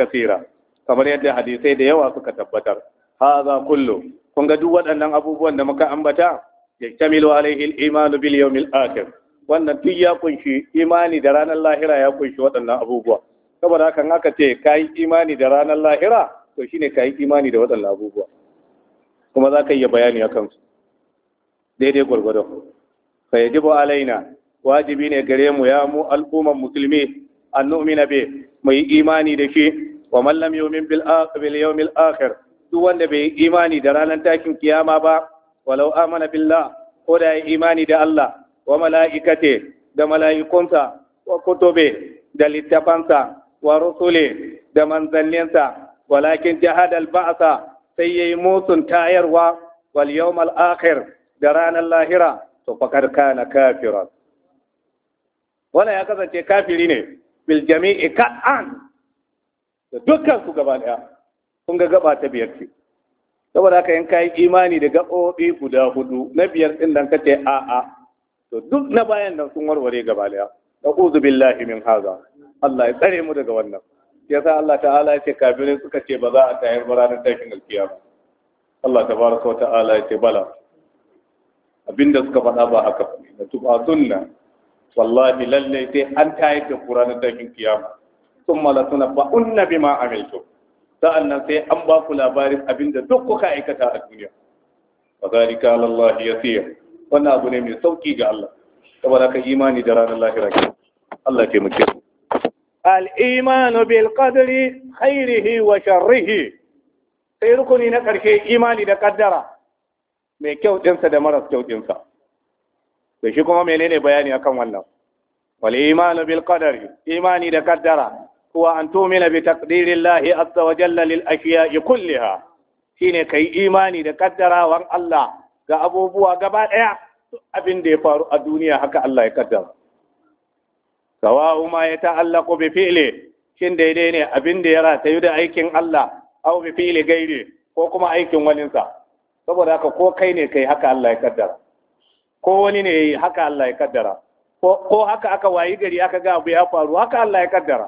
kamar yadda hadisai da yawa suka tabbatar hadha kullu kun ga duk waɗannan abubuwan da muka ambata yaktamilu alaihi al-iman bil yawmil akhir wannan duk ya kunshi imani da ranar lahira ya kunshi waɗannan abubuwa saboda haka aka ce ka yi imani da ranar lahira to shine ka yi imani da waɗannan abubuwa kuma za ka iya bayani a kansu daidai gwargwado fa yajibu alaina wajibi ne gare mu ya mu al'umman musulmi an nu'mina be mu yi imani da shi wa man lam yu'min bil yawmil akhir duk wanda bai yi imani da ranar takin kiyama ba walau amana billah ko da ya imani da Allah wa mala'ikate da mala'ikunsa wa kutube da littafansa wa rusule da manzanninsa walakin jihad ba'sa sai ya yi musun tayarwa wal yawmal akhir da ranar lahira to faqad kana kafiran wala ya kasance kafiri ne bil jami'i ka'an da dukkan su gaba daya kun ga gaba ta biyar ce saboda haka in kai imani da gaɓoɓi guda hudu na biyar din nan kace a'a to duk na bayan nan sun warware gaba daya a'udhu billahi min haza Allah ya tsare mu daga wannan yasa Allah ta'ala ya ce kafirin suka ce ba za a tayar ba ranar tashin alkiyama Allah tabaraka wa ta'ala ya ce bala abinda suka faɗa ba haka ba na tuba sunna wallahi lalle sai an tayar da ranar tashin kiyama thumma la tunabbaunna bima Sa'an sa'annan sai an ba ku labarin abinda duk kuka aikata a duniya wa zalika alallahi yasir wannan abu ne mai sauƙi ga Allah saboda ka imani da ranar lahira ke Allah ke muke al-imanu bil qadri khairihi wa sharrihi sai rukuni na karshe imani da kaddara mai kyau dinsa da maras kyau dinsa to shi kuma menene bayani akan wannan wal imanu bil qadri imani da kaddara huwa an tu'mina bi taqdirillahi azza wa jalla lil ashiya'i kulliha shine kai imani da kaddarawan Allah ga abubuwa gaba ɗaya abin da ya faru a duniya haka Allah ya kaddara sawa'u ma ya ta'allaqu bi fi'li shin daidai ne abin da ya yi da aikin Allah aw bi fi'li gairi ko kuma aikin walinsa. saboda haka ko kai ne kai haka Allah ya kaddara ko wani ne yi haka Allah ya kaddara ko haka aka wayi gari aka ga abu ya faru haka Allah ya kaddara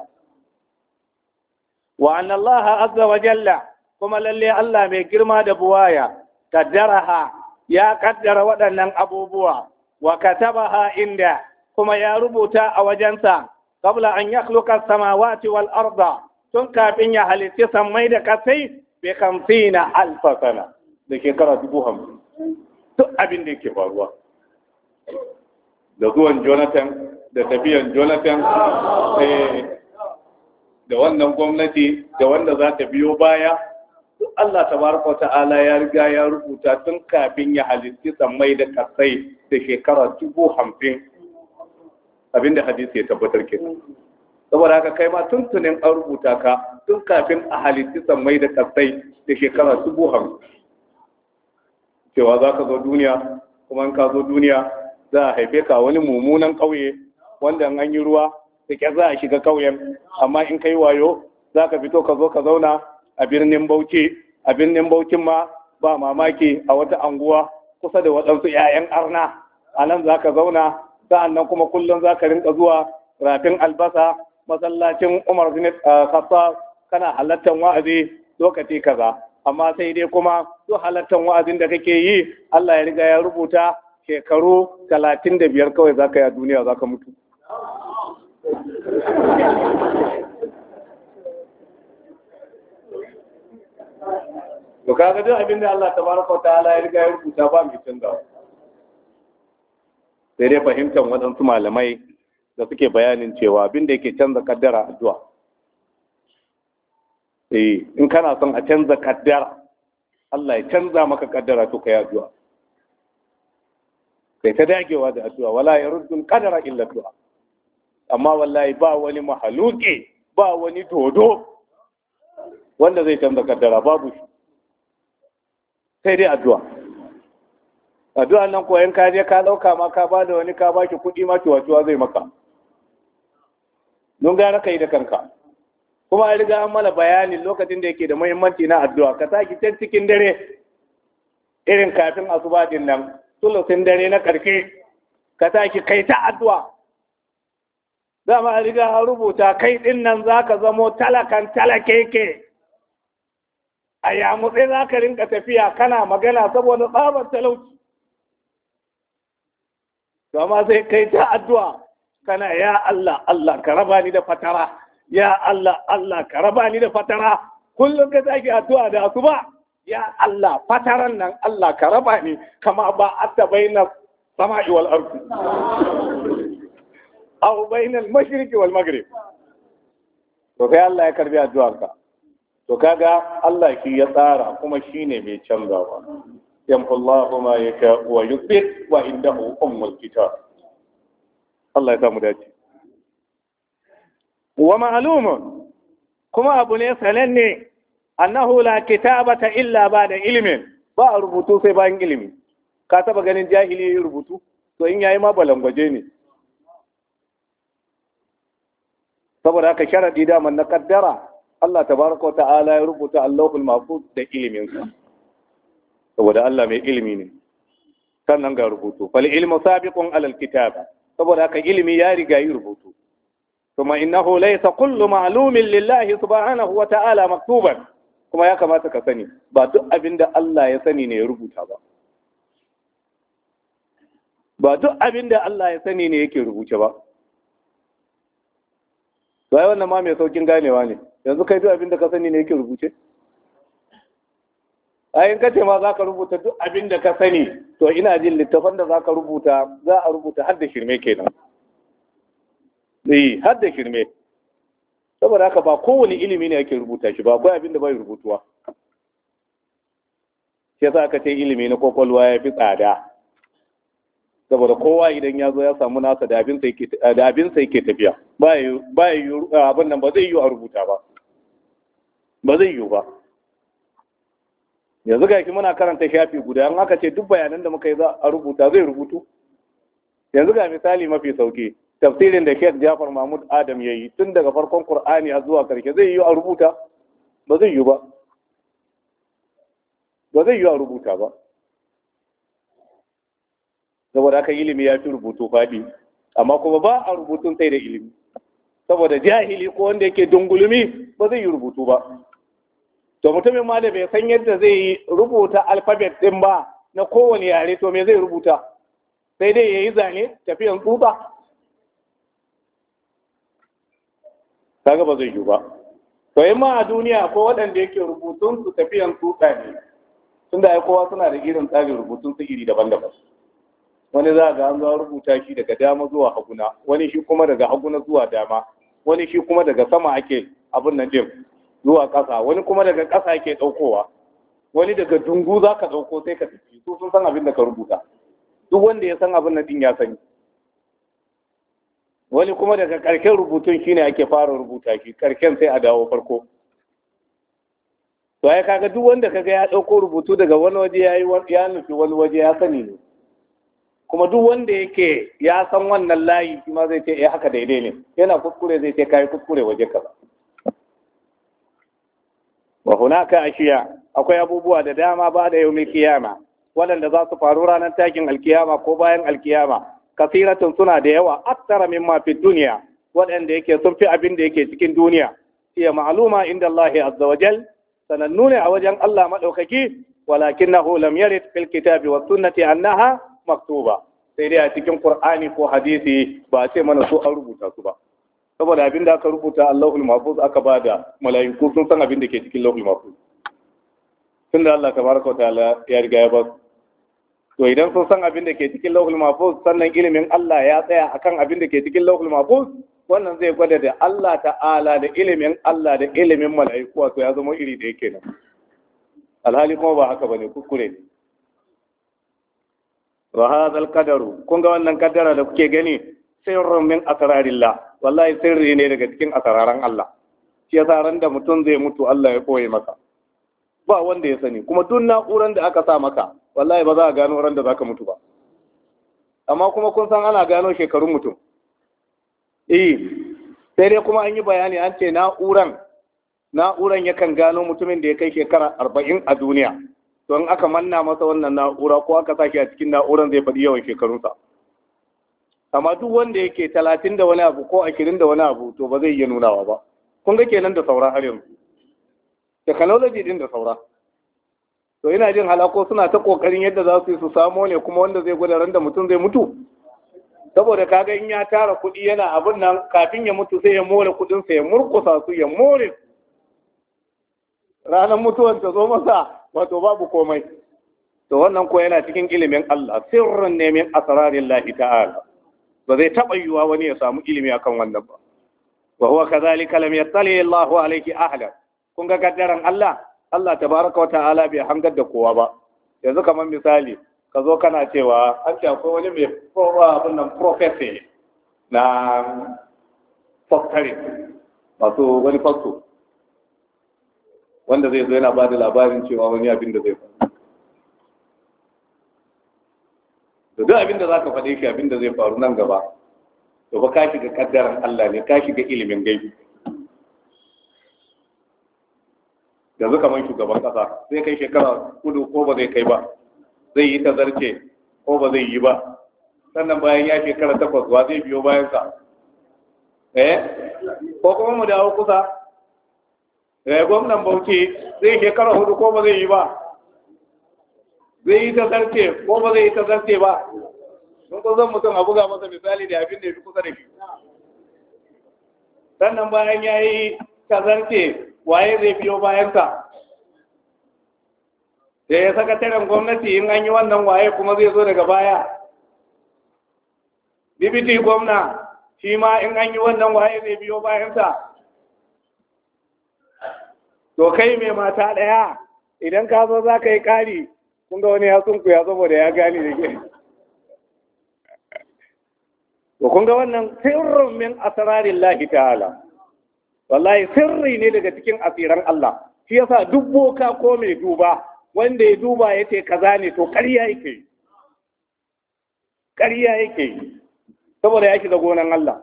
wa anna Allah azza wa jalla kuma lalle Allah mai girma da buwaya kaddaraha ya kaddara waɗannan abubuwa wa katabaha inda kuma ya rubuta a wajensa qabla an yakhluqa samawati wal arda tun kafin ya halitta samai da kasai bi 50 alf sana da shekara dubu hamsin duk abin da yake faruwa da zuwan jonathan da tafiyan jonathan eh, da wannan gwamnati da wanda za ta biyo baya duk Allah tabaraka ta'ala ya riga ya rubuta tun kafin ya halitti sammai da kasai da shekara dubu hamsin abinda hadisi ya tabbatar ke. saboda haka kai ma tuntunin an rubuta ka tun kafin a halitti sammai da kasai da shekara dubu hamsin cewa za ka zo duniya kuma in ka zo duniya za a haife ka wani mummunan ƙauye wanda an yi ruwa da ƙyar za a shiga ƙauyen amma in ka yi wayo za ka fito ka zo ka zauna a birnin Bauchi a birnin Bauchin ma ba mamaki a wata anguwa kusa da waɗansu 'ya'yan arna a nan za ka zauna sa'an nan kuma kullum za ka rinka zuwa rafin albasa masallacin umar a eh, kasa kana halartar wa'azi lokaci kaza amma sai dai kuma duk halartar wa'azin da kake yi Allah ya riga ya rubuta shekaru talatin da biyar kawai za ka yi a duniya za ka mutu to kaga duk abin da Allah tabaraka wa ta'ala ya riga ya rubuta ba mai canzawa sai dai fahimtar waɗansu malamai da suke bayanin cewa abin da yake canza kaddara addu'a eh in kana son a canza kaddara Allah ya canza maka kaddara to kai addu'a kai ta dagewa da addu'a wala yaruddu qadara illa du'a amma wallahi ba wani mahaluki ba wani dodo wanda zai canza kaddara babu shi sai dai addu'a addu'a nan ko yan kaje ka dauka ma ka da wani ka baki kuɗi ma tuwa zai maka don gara kai da kanka kuma an riga an mana bayani lokacin da yake da muhimmanci na addu'a ka saki can cikin dare irin kafin asuba din nan sulusin dare na karke ka saki kai ta addu'a dama an riga an rubuta kai din nan zaka zamo talakan talakeke a yamutse za ka rinka tafiya kana magana saboda tsabar talauci amma sai kai ta addu'a kana ya Allah Allah ka raba ni da fatara ya Allah Allah ka raba ni da fatara kullum ka sake addu'a da su ba, ya Allah fataran nan Allah ka raba ni kama ba atta baina sama'i wal ardi aw baina al mashriqi wal maghrib to kai Allah ya karbi addu'arka to kaga Allah shi ya tsara kuma shine mai canzawa yamhullahu ma yaka wa yuthbit wa indahu ummul kitab Allah ya samu dace wa ma'lumun kuma abu ne sananne annahu la kitabata illa ba'da ilmin ba a rubutu sai bayan ilimi ka taba ganin jahili ya rubutu to in yayi ma balangwaje ne saboda haka sharadi daman na kaddara Allah tabaraka ta'ala ya rubuta Allahul Mahfuz da iliminsa saboda Allah mai ilimi ne sannan ga rubutu fal ilmu sabiqun alal kitaba saboda haka ilimi ya riga yi rubutu kuma innahu laysa kullu ma'lumin lillahi subhanahu wa ta'ala maktuban kuma ya kamata ka sani ba duk abinda Allah ya sani ne ya rubuta ba ba duk abinda Allah ya sani ne yake rubuce ba ba ai wannan ma mai saukin ganewa ne yanzu kai duk abin da ka sani ne yake rubuce ai in kace ma za ka rubuta duk abin da ka sani to ina jin littafan da za ka rubuta za a rubuta har da shirme kenan eh har da shirme saboda haka ba kowane ilimi ne yake rubuta shi ba akwai abin da bai rubutuwa shi sa aka ce ilimi na kwakwalwa ya fi tsada saboda kowa idan ya zo ya samu nasa da abinsa yake tafiya ba ya yi abin nan ba zai yi a rubuta ba ba zai yi ba yanzu ga muna karanta shafi guda an aka ce duk bayanan da muka yi za a rubuta zai rubutu yanzu ga misali mafi sauki tafsirin da shek Jafar Mahmud Adam yi, tun daga farkon kur'ani har zuwa karshe zai yi a rubuta ba zai yi ba ba zai yi a rubuta ba saboda haka ilimi ya fi rubutu faɗi amma kuma ba a rubutun sai da ilimi saboda jahili ko wanda yake dungulumi ba zai yi rubutu ba to mutumin ma da bai san yadda zai yi rubuta alfabet din ba na kowane yare to me zai rubuta sai dai ya yi zane tafiyan tsutsa kaga ba zai yi ba to yi ma a duniya ko waɗanda yake rubutun su tafiyan tsutsa ne tunda ya kowa suna da irin tsarin rubutun su iri daban-daban wani za ga an za rubuta shi daga dama zuwa haguna wani shi kuma daga haguna zuwa dama wani shi kuma daga sama ake abin nan din zuwa ƙasa wani kuma daga ƙasa ake ɗaukowa wani daga dungu za ka ɗauko sai ka tafi su sun san abin da ka rubuta duk wanda ya san abin nan din ya sani wani kuma daga ƙarshen rubutun shine ake fara rubuta shi ƙarshen sai a dawo farko to ai kaga duk wanda kaga ya ɗauko rubutu daga wani waje ya yi ya nufi wani waje ya sani ne kuma duk wanda yake ya san wannan layi shi ma zai ce eh haka daidai ne yana kuskure zai ce kai kuskure waje kaza wa hunaka ashiya akwai abubuwa da dama ba da yaumil kiyama waɗanda za su faru ranar takin alkiyama ko bayan alkiyama kasiratun suna da yawa aktara mimma fi duniya waɗanda yake sun fi abin da yake cikin duniya iya ma'aluma inda Allah Ya azza wajal sanannu ne a wajen Allah madaukaki walakinnahu lam yarid fil kitabi wa sunnati annaha maktuba sai dai a cikin Qur'ani ko hadisi ba ce mana so an rubuta su ba saboda abin da aka rubuta Allahul Mahfuz aka bada mala'iku sun san abin da ke cikin Allahul Mahfuz tunda Allah tabaraka ta'ala ya riga ya ba to idan sun san abin da ke cikin Allahul Mahfuz sannan ilimin Allah ya tsaya akan abin da ke cikin Allahul Mahfuz wannan zai gwada da Allah ta'ala da ilimin Allah da ilimin mala'iku wato ya zama iri da yake nan alhali kuma ba haka bane kuskure ne wa hadha alqadaru kun ga wannan kaddara da kuke gani sirrun min asrarillah wallahi sirri ne daga cikin asraran Allah shi yasa ran da mutum zai mutu Allah ya koye maka ba wanda ya sani kuma duk na'uran da aka sa maka wallahi ba za a gano ran da zaka mutu ba amma kuma kun san ana gano shekarun mutum eh sai dai kuma an yi bayani an ce na'uran na'uran yakan gano mutumin da ya kai shekara arba'in a duniya Don aka manna masa wannan na'ura ko aka sake a cikin na'uran zai faɗi yawan shekarunsa amma duk wanda yake talatin da wani abu ko ashirin da wani abu to ba zai iya nunawa ba kun ga kenan da saura har yanzu technology din da saura to ina jin halako suna ta kokarin yadda za su yi su samo ne kuma wanda zai gwada da mutum zai mutu saboda kaga in ya tara kuɗi yana abin nan kafin ya mutu sai ya more kuɗin sa ya murkusa su ya more ranar mutuwan ta zo masa wato babu komai to wannan ko yana cikin ilimin Allah sirrin ne min asrarin lahi ta'ala ba zai taba yiwa wani ya samu ilimi akan wannan ba wa huwa kadhalika lam yattali Allahu alayhi ahla kun ga kaddaran Allah Allah tabaaraka wa ta'ala bai hangar da kowa ba yanzu kamar misali ka zo kana cewa an ce akwai wani mai kowa abin nan professor na factory wato wani factory wanda zai zo yana ba da labarin cewa wani abin da zai faru da duk abin da za ka faɗe shi abin da zai faru nan gaba to ba ka shiga kaddaran Allah ne ka shiga ilimin gaibi yanzu kamar shugaban kasa zai kai shekara kudu ko ba zai kai ba zai yi ta zarce ko ba zai yi ba sannan bayan ya shekara takwas wa zai biyo bayansa eh ko kuma mu dawo kusa Eh, gwamnan bauchi zai shekara hudu ko ba zai yi ba zai yi ta zarce ko ba zai yi ta zarce ba sun ko zan mutum a buga masa misali da abin da ya fi kusa da shi sannan bayan ya yi ta zarce waye zai biyo bayansa da ya sakataren gwamnati in an yi wannan waye kuma zai zo daga baya dibiti gwamna shi ma in an yi wannan waye zai biyo bayansa to kai mai mata ɗaya idan ka zo za ka yi ƙari kun ga wani ya saboda ya gane da ke to kun ga wannan sirrin min asrarin lahi ta'ala wallahi sirri ne daga cikin asiran Allah shi yasa duk boka ko mai duba wanda ya duba ya ce kaza ne to ƙarya yake ƙarya yake saboda ya shiga gonan Allah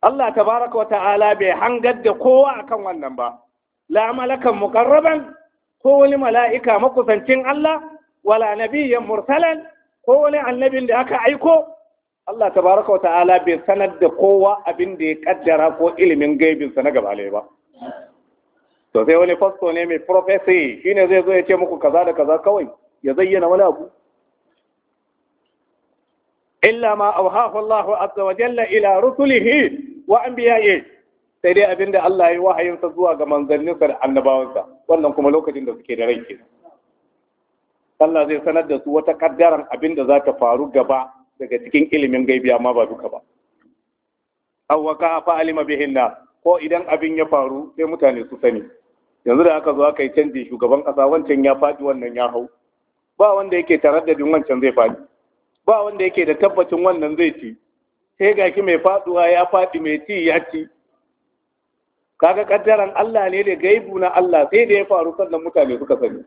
Allah tabaraka wa ta'ala bai hangar da kowa akan wannan ba la malakan muqarraban ko wani mala'ika makusancin Allah wala nabiyyan mursalan ko wani annabin da aka aiko Allah tabaraka wa ta'ala bai sanar da kowa abin da ya kaddara ko ilimin gaibinsa na gaba ba to sai wani fasto ne mai shi ne zai zo ya ce muku kaza da kaza kawai ya zayyana wani abu ma ما Allahu, الله عز وجل إلى رسله wa ye sai dai abin da Allah ya yi wahayinsa zuwa ga manzanninsa da annabawansa wannan kuma lokacin da suke da rai ke Allah zai sanar da su wata kaddaran abin da za ta faru gaba daga cikin ilimin gaibi amma ba duka ba aw waka fa alima bihin ko idan abin ya faru sai mutane su sani yanzu da aka zo aka yi canji shugaban kasa wancan ya faɗi wannan ya hau ba wanda yake taraddadin wancan zai faɗi ba wanda yake da tabbacin wannan zai ci sai gashi mai faduwa ya faɗi mai ci ya ci kaga kaddaran Allah ne da gaibu na Allah sai da ya faru sannan mutane suka sani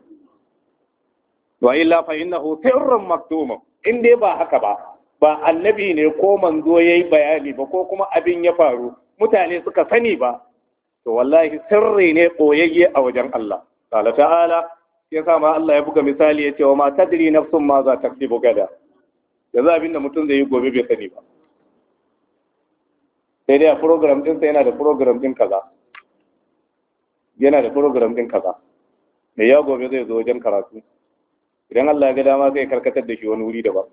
wa illa fa innahu sirrun maktuma in dai ba haka ba ba annabi ne ko manzo yayi bayani ba ko kuma abin ya faru mutane suka sani ba to wallahi sirri ne koyayye a wajen Allah qala ta'ala ya sa ma Allah ya buga misali ya ce wa ma tadri nafsun ma za ta gada yanzu abin da mutum zai yi gobe bai sani ba sai dai a program sai yana da program ɗin kaza yana da program ɗin kaza mai ya gobe zai zo wajen karatu idan Allah ya ga dama zai karkatar da shi wani wuri daban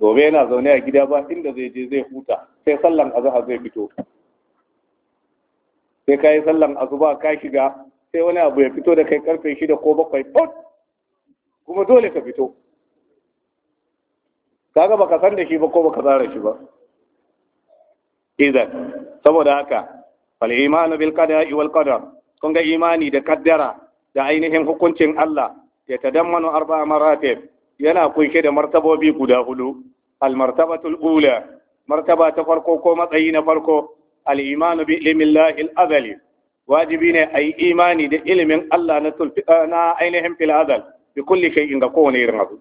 gobe yana zaune a gida ba inda zai je zai huta sai sallan azuha zai fito sai ka yi sallan azuba ka shiga sai wani abu ya fito da kai karfe shida ko bakwai pot kuma dole ka fito kaga baka san da shi ba ko baka tsara shi ba idan saboda haka fal imanu bil qada'i wal qadar kun ga imani da kaddara da ainihin hukuncin Allah ya tadammanu arba maratib yana kunshe da martabobi guda hudu al martabatul ula martaba ta farko ko matsayi na farko al imanu bi ilmillahi al azali wajibi ne ayi imani da ilimin Allah na eh, na ainihin fil azal bi kulli shay'in ga kowane irin abu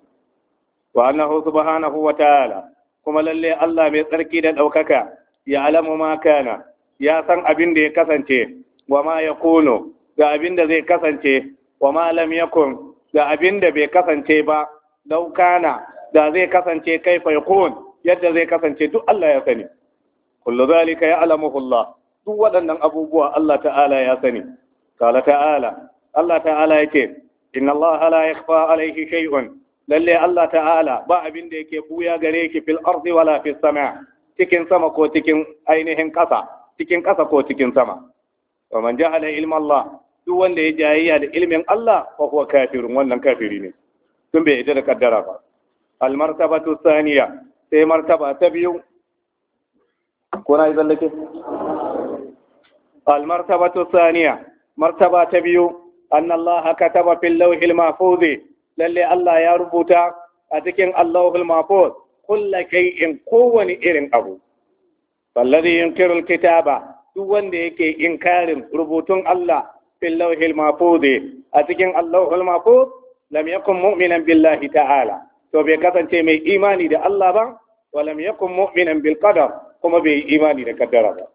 wa annahu subhanahu wa ta'ala kuma lalle Allah mai tsarki da daukaka ya alamu ma kana ya san abin da ya kasance wa ma ya kuno ga abin da zai kasance wa ma lam yakun ga abin da bai kasance ba lau kana da zai kasance kai faikun yadda zai kasance duk Allah ya sani kullu zalika ya alamu Allah duk waɗannan abubuwa Allah ta'ala ya sani kala ta'ala Allah ta'ala yake inna Allah la yakhfa alayhi shay'un lalle Allah ta'ala ba abin da yake buya gare ki fil ardi wala fis sama' cikin sama ko cikin ainihin ƙasa cikin ƙasa ko cikin sama wa man jahala ilma Allah duk wanda ya jayayya da ilmin Allah fa huwa kafirun wannan kafiri ne tun bai yadda da kaddara ba al martabatu thaniya sai martaba ta biyu ko na izan lake al martabatu thaniya martaba ta biyu an Allah kataba fil lawhil mahfuz lalle Allah ya rubuta a cikin Allahul mahfuz kulla in kowane irin abu wallazi yunkirul kitaba duk wanda yake inkarin rubutun Allah fil lawhil mahfuz a cikin Allahul mahfuz lam yakun mu'minan billahi ta'ala to bai kasance mai imani da Allah ba wa lam yakun mu'minan bil qadar kuma bai imani da kaddara ba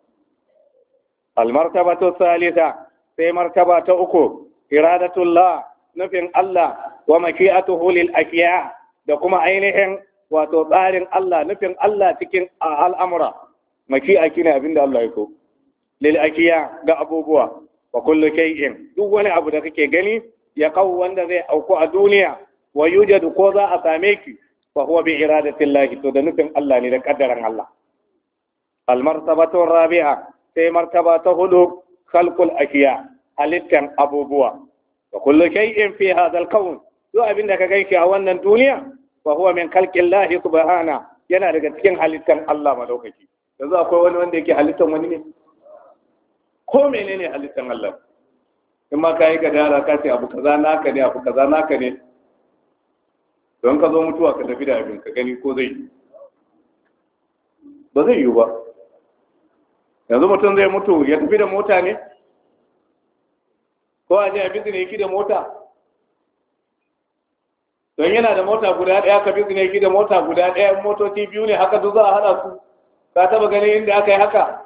al martabatu Salisa sai martaba ta uku iradatullah nufin Allah wa maki'atuhu lil ashiya da kuma ainihin wato tsarin Allah nufin Allah cikin al'amura maki aki ne abinda Allah ya ko Lilakiya ga abubuwa wa kullu shay'in duk wani abu da kake gani ya kawo wanda zai auku a duniya wa ko za a same ki fa huwa bi iradatillahi to da nufin Allah ne da kaddaran Allah al rabi'a sai martaba ta hudu kalkul akiya halittan abubuwa wa kullu shay'in fi hadha al-kawn duk abinda ka ganki a wannan duniya fa huwa min khalqillahi subhana yana daga cikin halittar Allah madaukaki yanzu akwai wani wanda yake halittar wani ne ko menene halittar Allah in ma kai ka dara ka ce abu kaza naka ne abu kaza naka ne don ka zo mutuwa ka tafi da abin ka gani ko zai ba zai yiwu ba yanzu mutum zai mutu ya tafi da mota ne ko a je a bizine yake da mota don yana da mota guda ɗaya ka bi ne da mota guda ɗaya motoci biyu ne haka duk za a hada su ka taba ganin inda aka yi haka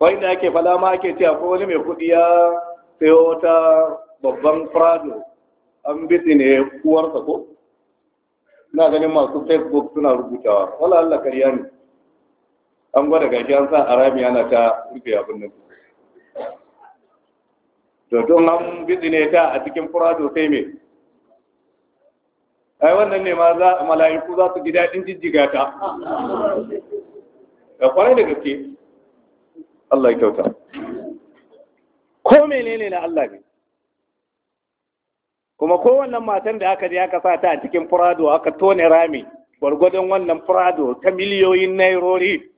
wai da ake fada ma ake cewa ko wani mai kuɗi ya sayo wata babban prado an bitsi ne uwarsa ko na ganin masu facebook suna rubutawa wala Allah kariya ne an gwada gashi an sa arami ana ta rufe abin nan to don an bitsi ne ta a cikin prado sai me ai wannan ne ma za mala'iku za su ji daɗin jijjiga ta da kwarai da gaske Allah ya kyauta ko menene na Allah ne kuma kowannan matan da aka je aka sa ta a cikin Prado, aka tone rami gwargwadon wannan Prado ta miliyoyin nairori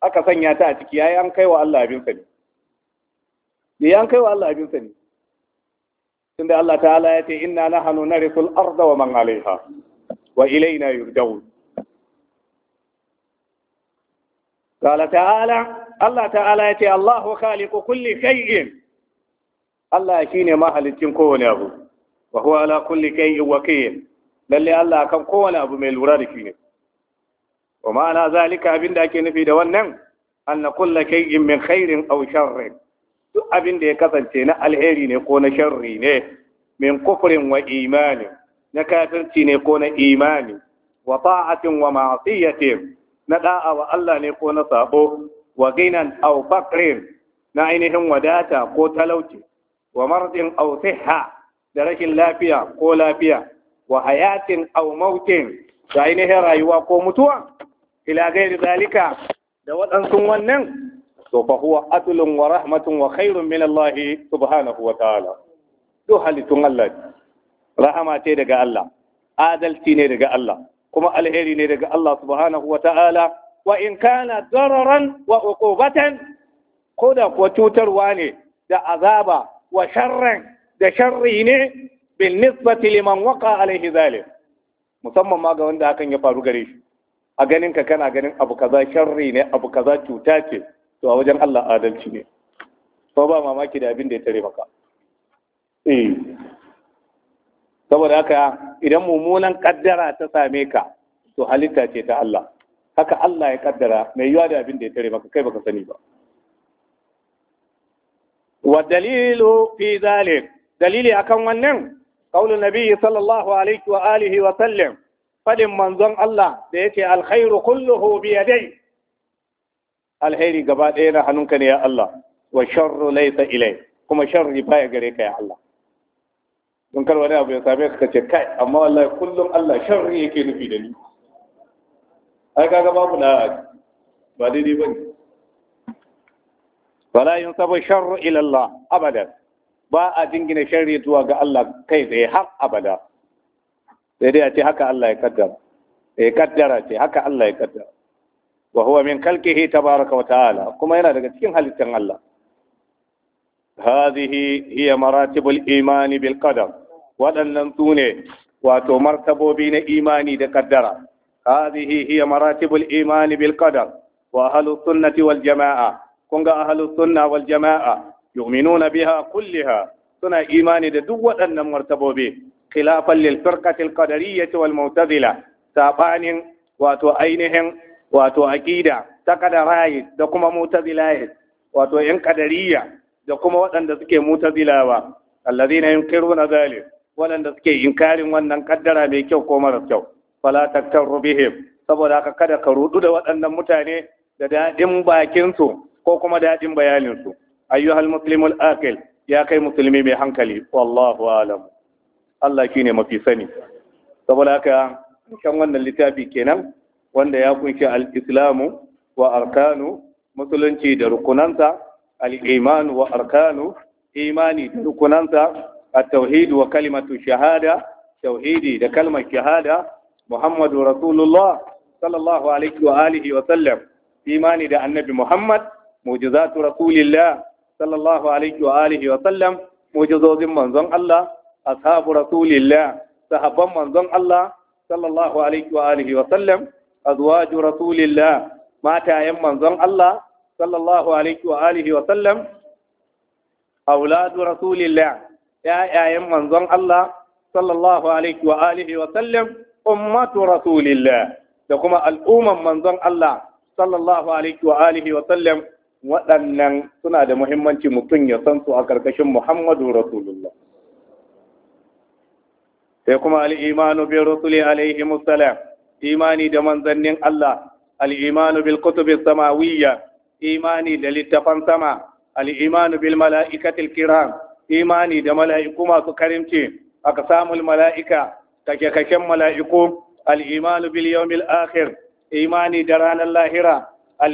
aka sanya ta a ciki yi an kai wa Allah abinsa sani ne an kai wa Allah abinsa ne? Eh, tunda Allah ta'ala ya ce inna nahnu narithul arda wa man 'alayha wa ilayna yurja'un qala ta'ala Allah ta'ala ya ce Allahu khaliqu kulli shay'in Allah shine mahalicin kowane abu wa huwa ala kulli shay'in wakeel lalle Allah kan kowane abu mai lura da shi ne wa ma'ana zalika abinda ake nufi da wannan anna kulli shay'in min kairin aw sharrin duk abin da ya kasance na alheri ne ko na sharri ne min kufrin wa imani na kafirci ne ko na imani wa ta'atin wa ma'siyatin na da'a wa Allah ne ko na sabo wa ginan aw faqrin na ainihin wadata ko talauci wa mardin aw sihha da rashin lafiya ko lafiya wa hayatin aw mautin da ainihin rayuwa ko mutuwa ila gairi zalika da waɗansu wannan to fa huwa atlun wa rahmatun wa khairun min Allah subhanahu wa ta'ala to halittun Allah rahama ce daga Allah adalci ne daga Allah kuma alheri ne daga Allah subhanahu wa ta'ala wa in kana dararan wa uqubatan koda kuwa cutarwa ne da azaba wa sharran da sharri ne bin nisbati liman waka alaihi zalim musamman ma ga wanda hakan ya faru gare shi a ganin ka kana ganin abu kaza sharri ne abu kaza cuta ce to a wajen Allah adalci ne ko ba mamaki da abin da ya tare maka eh saboda haka idan mummunan kaddara ta same ka to halitta ce ta Allah haka Allah ya kaddara mai yiwa da abin da ya tare maka kai baka sani ba wa dalilu fi zalik dalili akan wannan qaulun nabi sallallahu alaihi wa alihi wa sallam fadin manzon Allah da yake alkhairu kulluhu bi yadayhi alheri gaba ɗaya na hannunka ne ya Allah wa sharru laysa ilai kuma sharri baya gare ka ya Allah don kar wani abu ya same ka ce kai amma wallahi kullum Allah sharri yake nufi da ni ai kaga babu da ba daidai bane wala yunsabu sharru ila Allah abadan ba a jingina sharri zuwa ga Allah kai tsaye har abada sai dai a ce haka Allah ya kaddara ya eh, kaddara ce haka Allah ya kaddara wa huwa min khalqihi tabaraka wa ta'ala kuma yana daga cikin halittar Allah hadhihi hiya maratibul imani bil qadar wadannan wato martabobi na imani da kaddara hadhihi hiya maratibul imani bil qadar wa ahlu sunnati wal jamaa kun ga ahlu sunna wal jamaa yu'minuna biha kulliha suna imani da duk waɗannan martabobi khilafan lil firqati al qadariyyah wal mu'tazila sabanin wato ainihin wato aƙida ta qadarayi da kuma mu'tazilayi wato yan kadariya da kuma waɗanda suke mu'tazilawa alladhina yunkiruna Zali. waɗanda suke inkarin wannan kaddara mai kyau ko mara kyau fala taktaru bihim saboda haka kada ka rudu da waɗannan mutane da daɗin bakinsu ko kuma daɗin bayaninsu ayyuhal muslimul aqil ya kai musulmi mai hankali wallahu alam Allah shine mafi sani saboda haka kan wannan littafi kenan wanda ya kunshi Al'islamu wa arkanu musulunci da rukunansa al wa arkanu imani da rukunansa at-tauhid wa kalimatu shahada tauhidi da kalmar shahada muhammadu rasulullah sallallahu alaihi wa alihi wa sallam imani da annabi muhammad mu'jizatu rasulillah sallallahu alaihi wa alihi wa sallam mu'jizozin manzon Allah ashabu rasulillah sahabban manzon Allah sallallahu alaihi wa alihi wa sallam azwaju rasulillah matayen manzon Allah sallallahu alaihi wa alihi wa sallam auladu rasulillah ƴaƴayen manzon Allah sallallahu alaihi wa alihi wa sallam ummatu rasulillah da kuma al'umman manzon Allah sallallahu alaihi wa alihi wa sallam waɗannan suna da muhimmanci mutum ya san su a ƙarƙashin Muhammadu Rasulullah. Sai kuma al'imanu bi Rasuli alaihi musallam imani da manzannin Allah al-imanu bil kutubin samawiyya imani da littafan sama al-imanu bil mala'ikatil kiram imani da mala'iku masu karimci aka samu mala'ika kake kaken mala'iku al-imanu bil yawmil akhir imani da ranar lahira al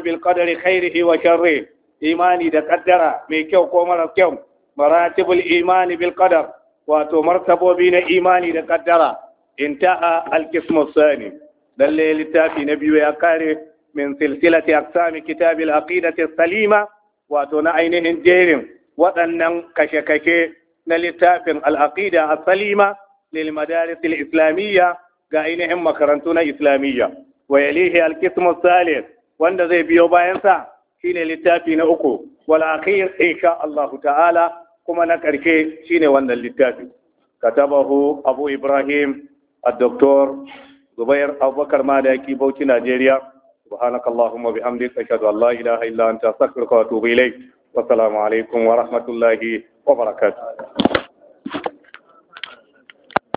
bil qadari khairihi wa sharri imani da kaddara mai kyau ko mara kyau maratibul imani bil qadar wato martabobi na imani da kaddara intaha alkismu sani lallai littafi na biyu ya kare min silsilati aqsami kitabil aqidati salima wato na ainihin jerin waɗannan kashe-kashe na littafin al'aqida a salima lil madaris islamiyya ga ainihin makarantu na islamiyya wa yalihi alkismu salis wanda zai biyo bayansa shine littafi na uku wal akhir insha ta'ala kuma na karshe shine wannan littafi Ka katabahu abu ibrahim الدكتور زبير أبو بكر مالكي بوتي نيجيريا سبحانك اللهم وبحمدك أشهد أن لا إله إلا أنت أستغفرك وأتوب إليك والسلام عليكم ورحمة الله وبركاته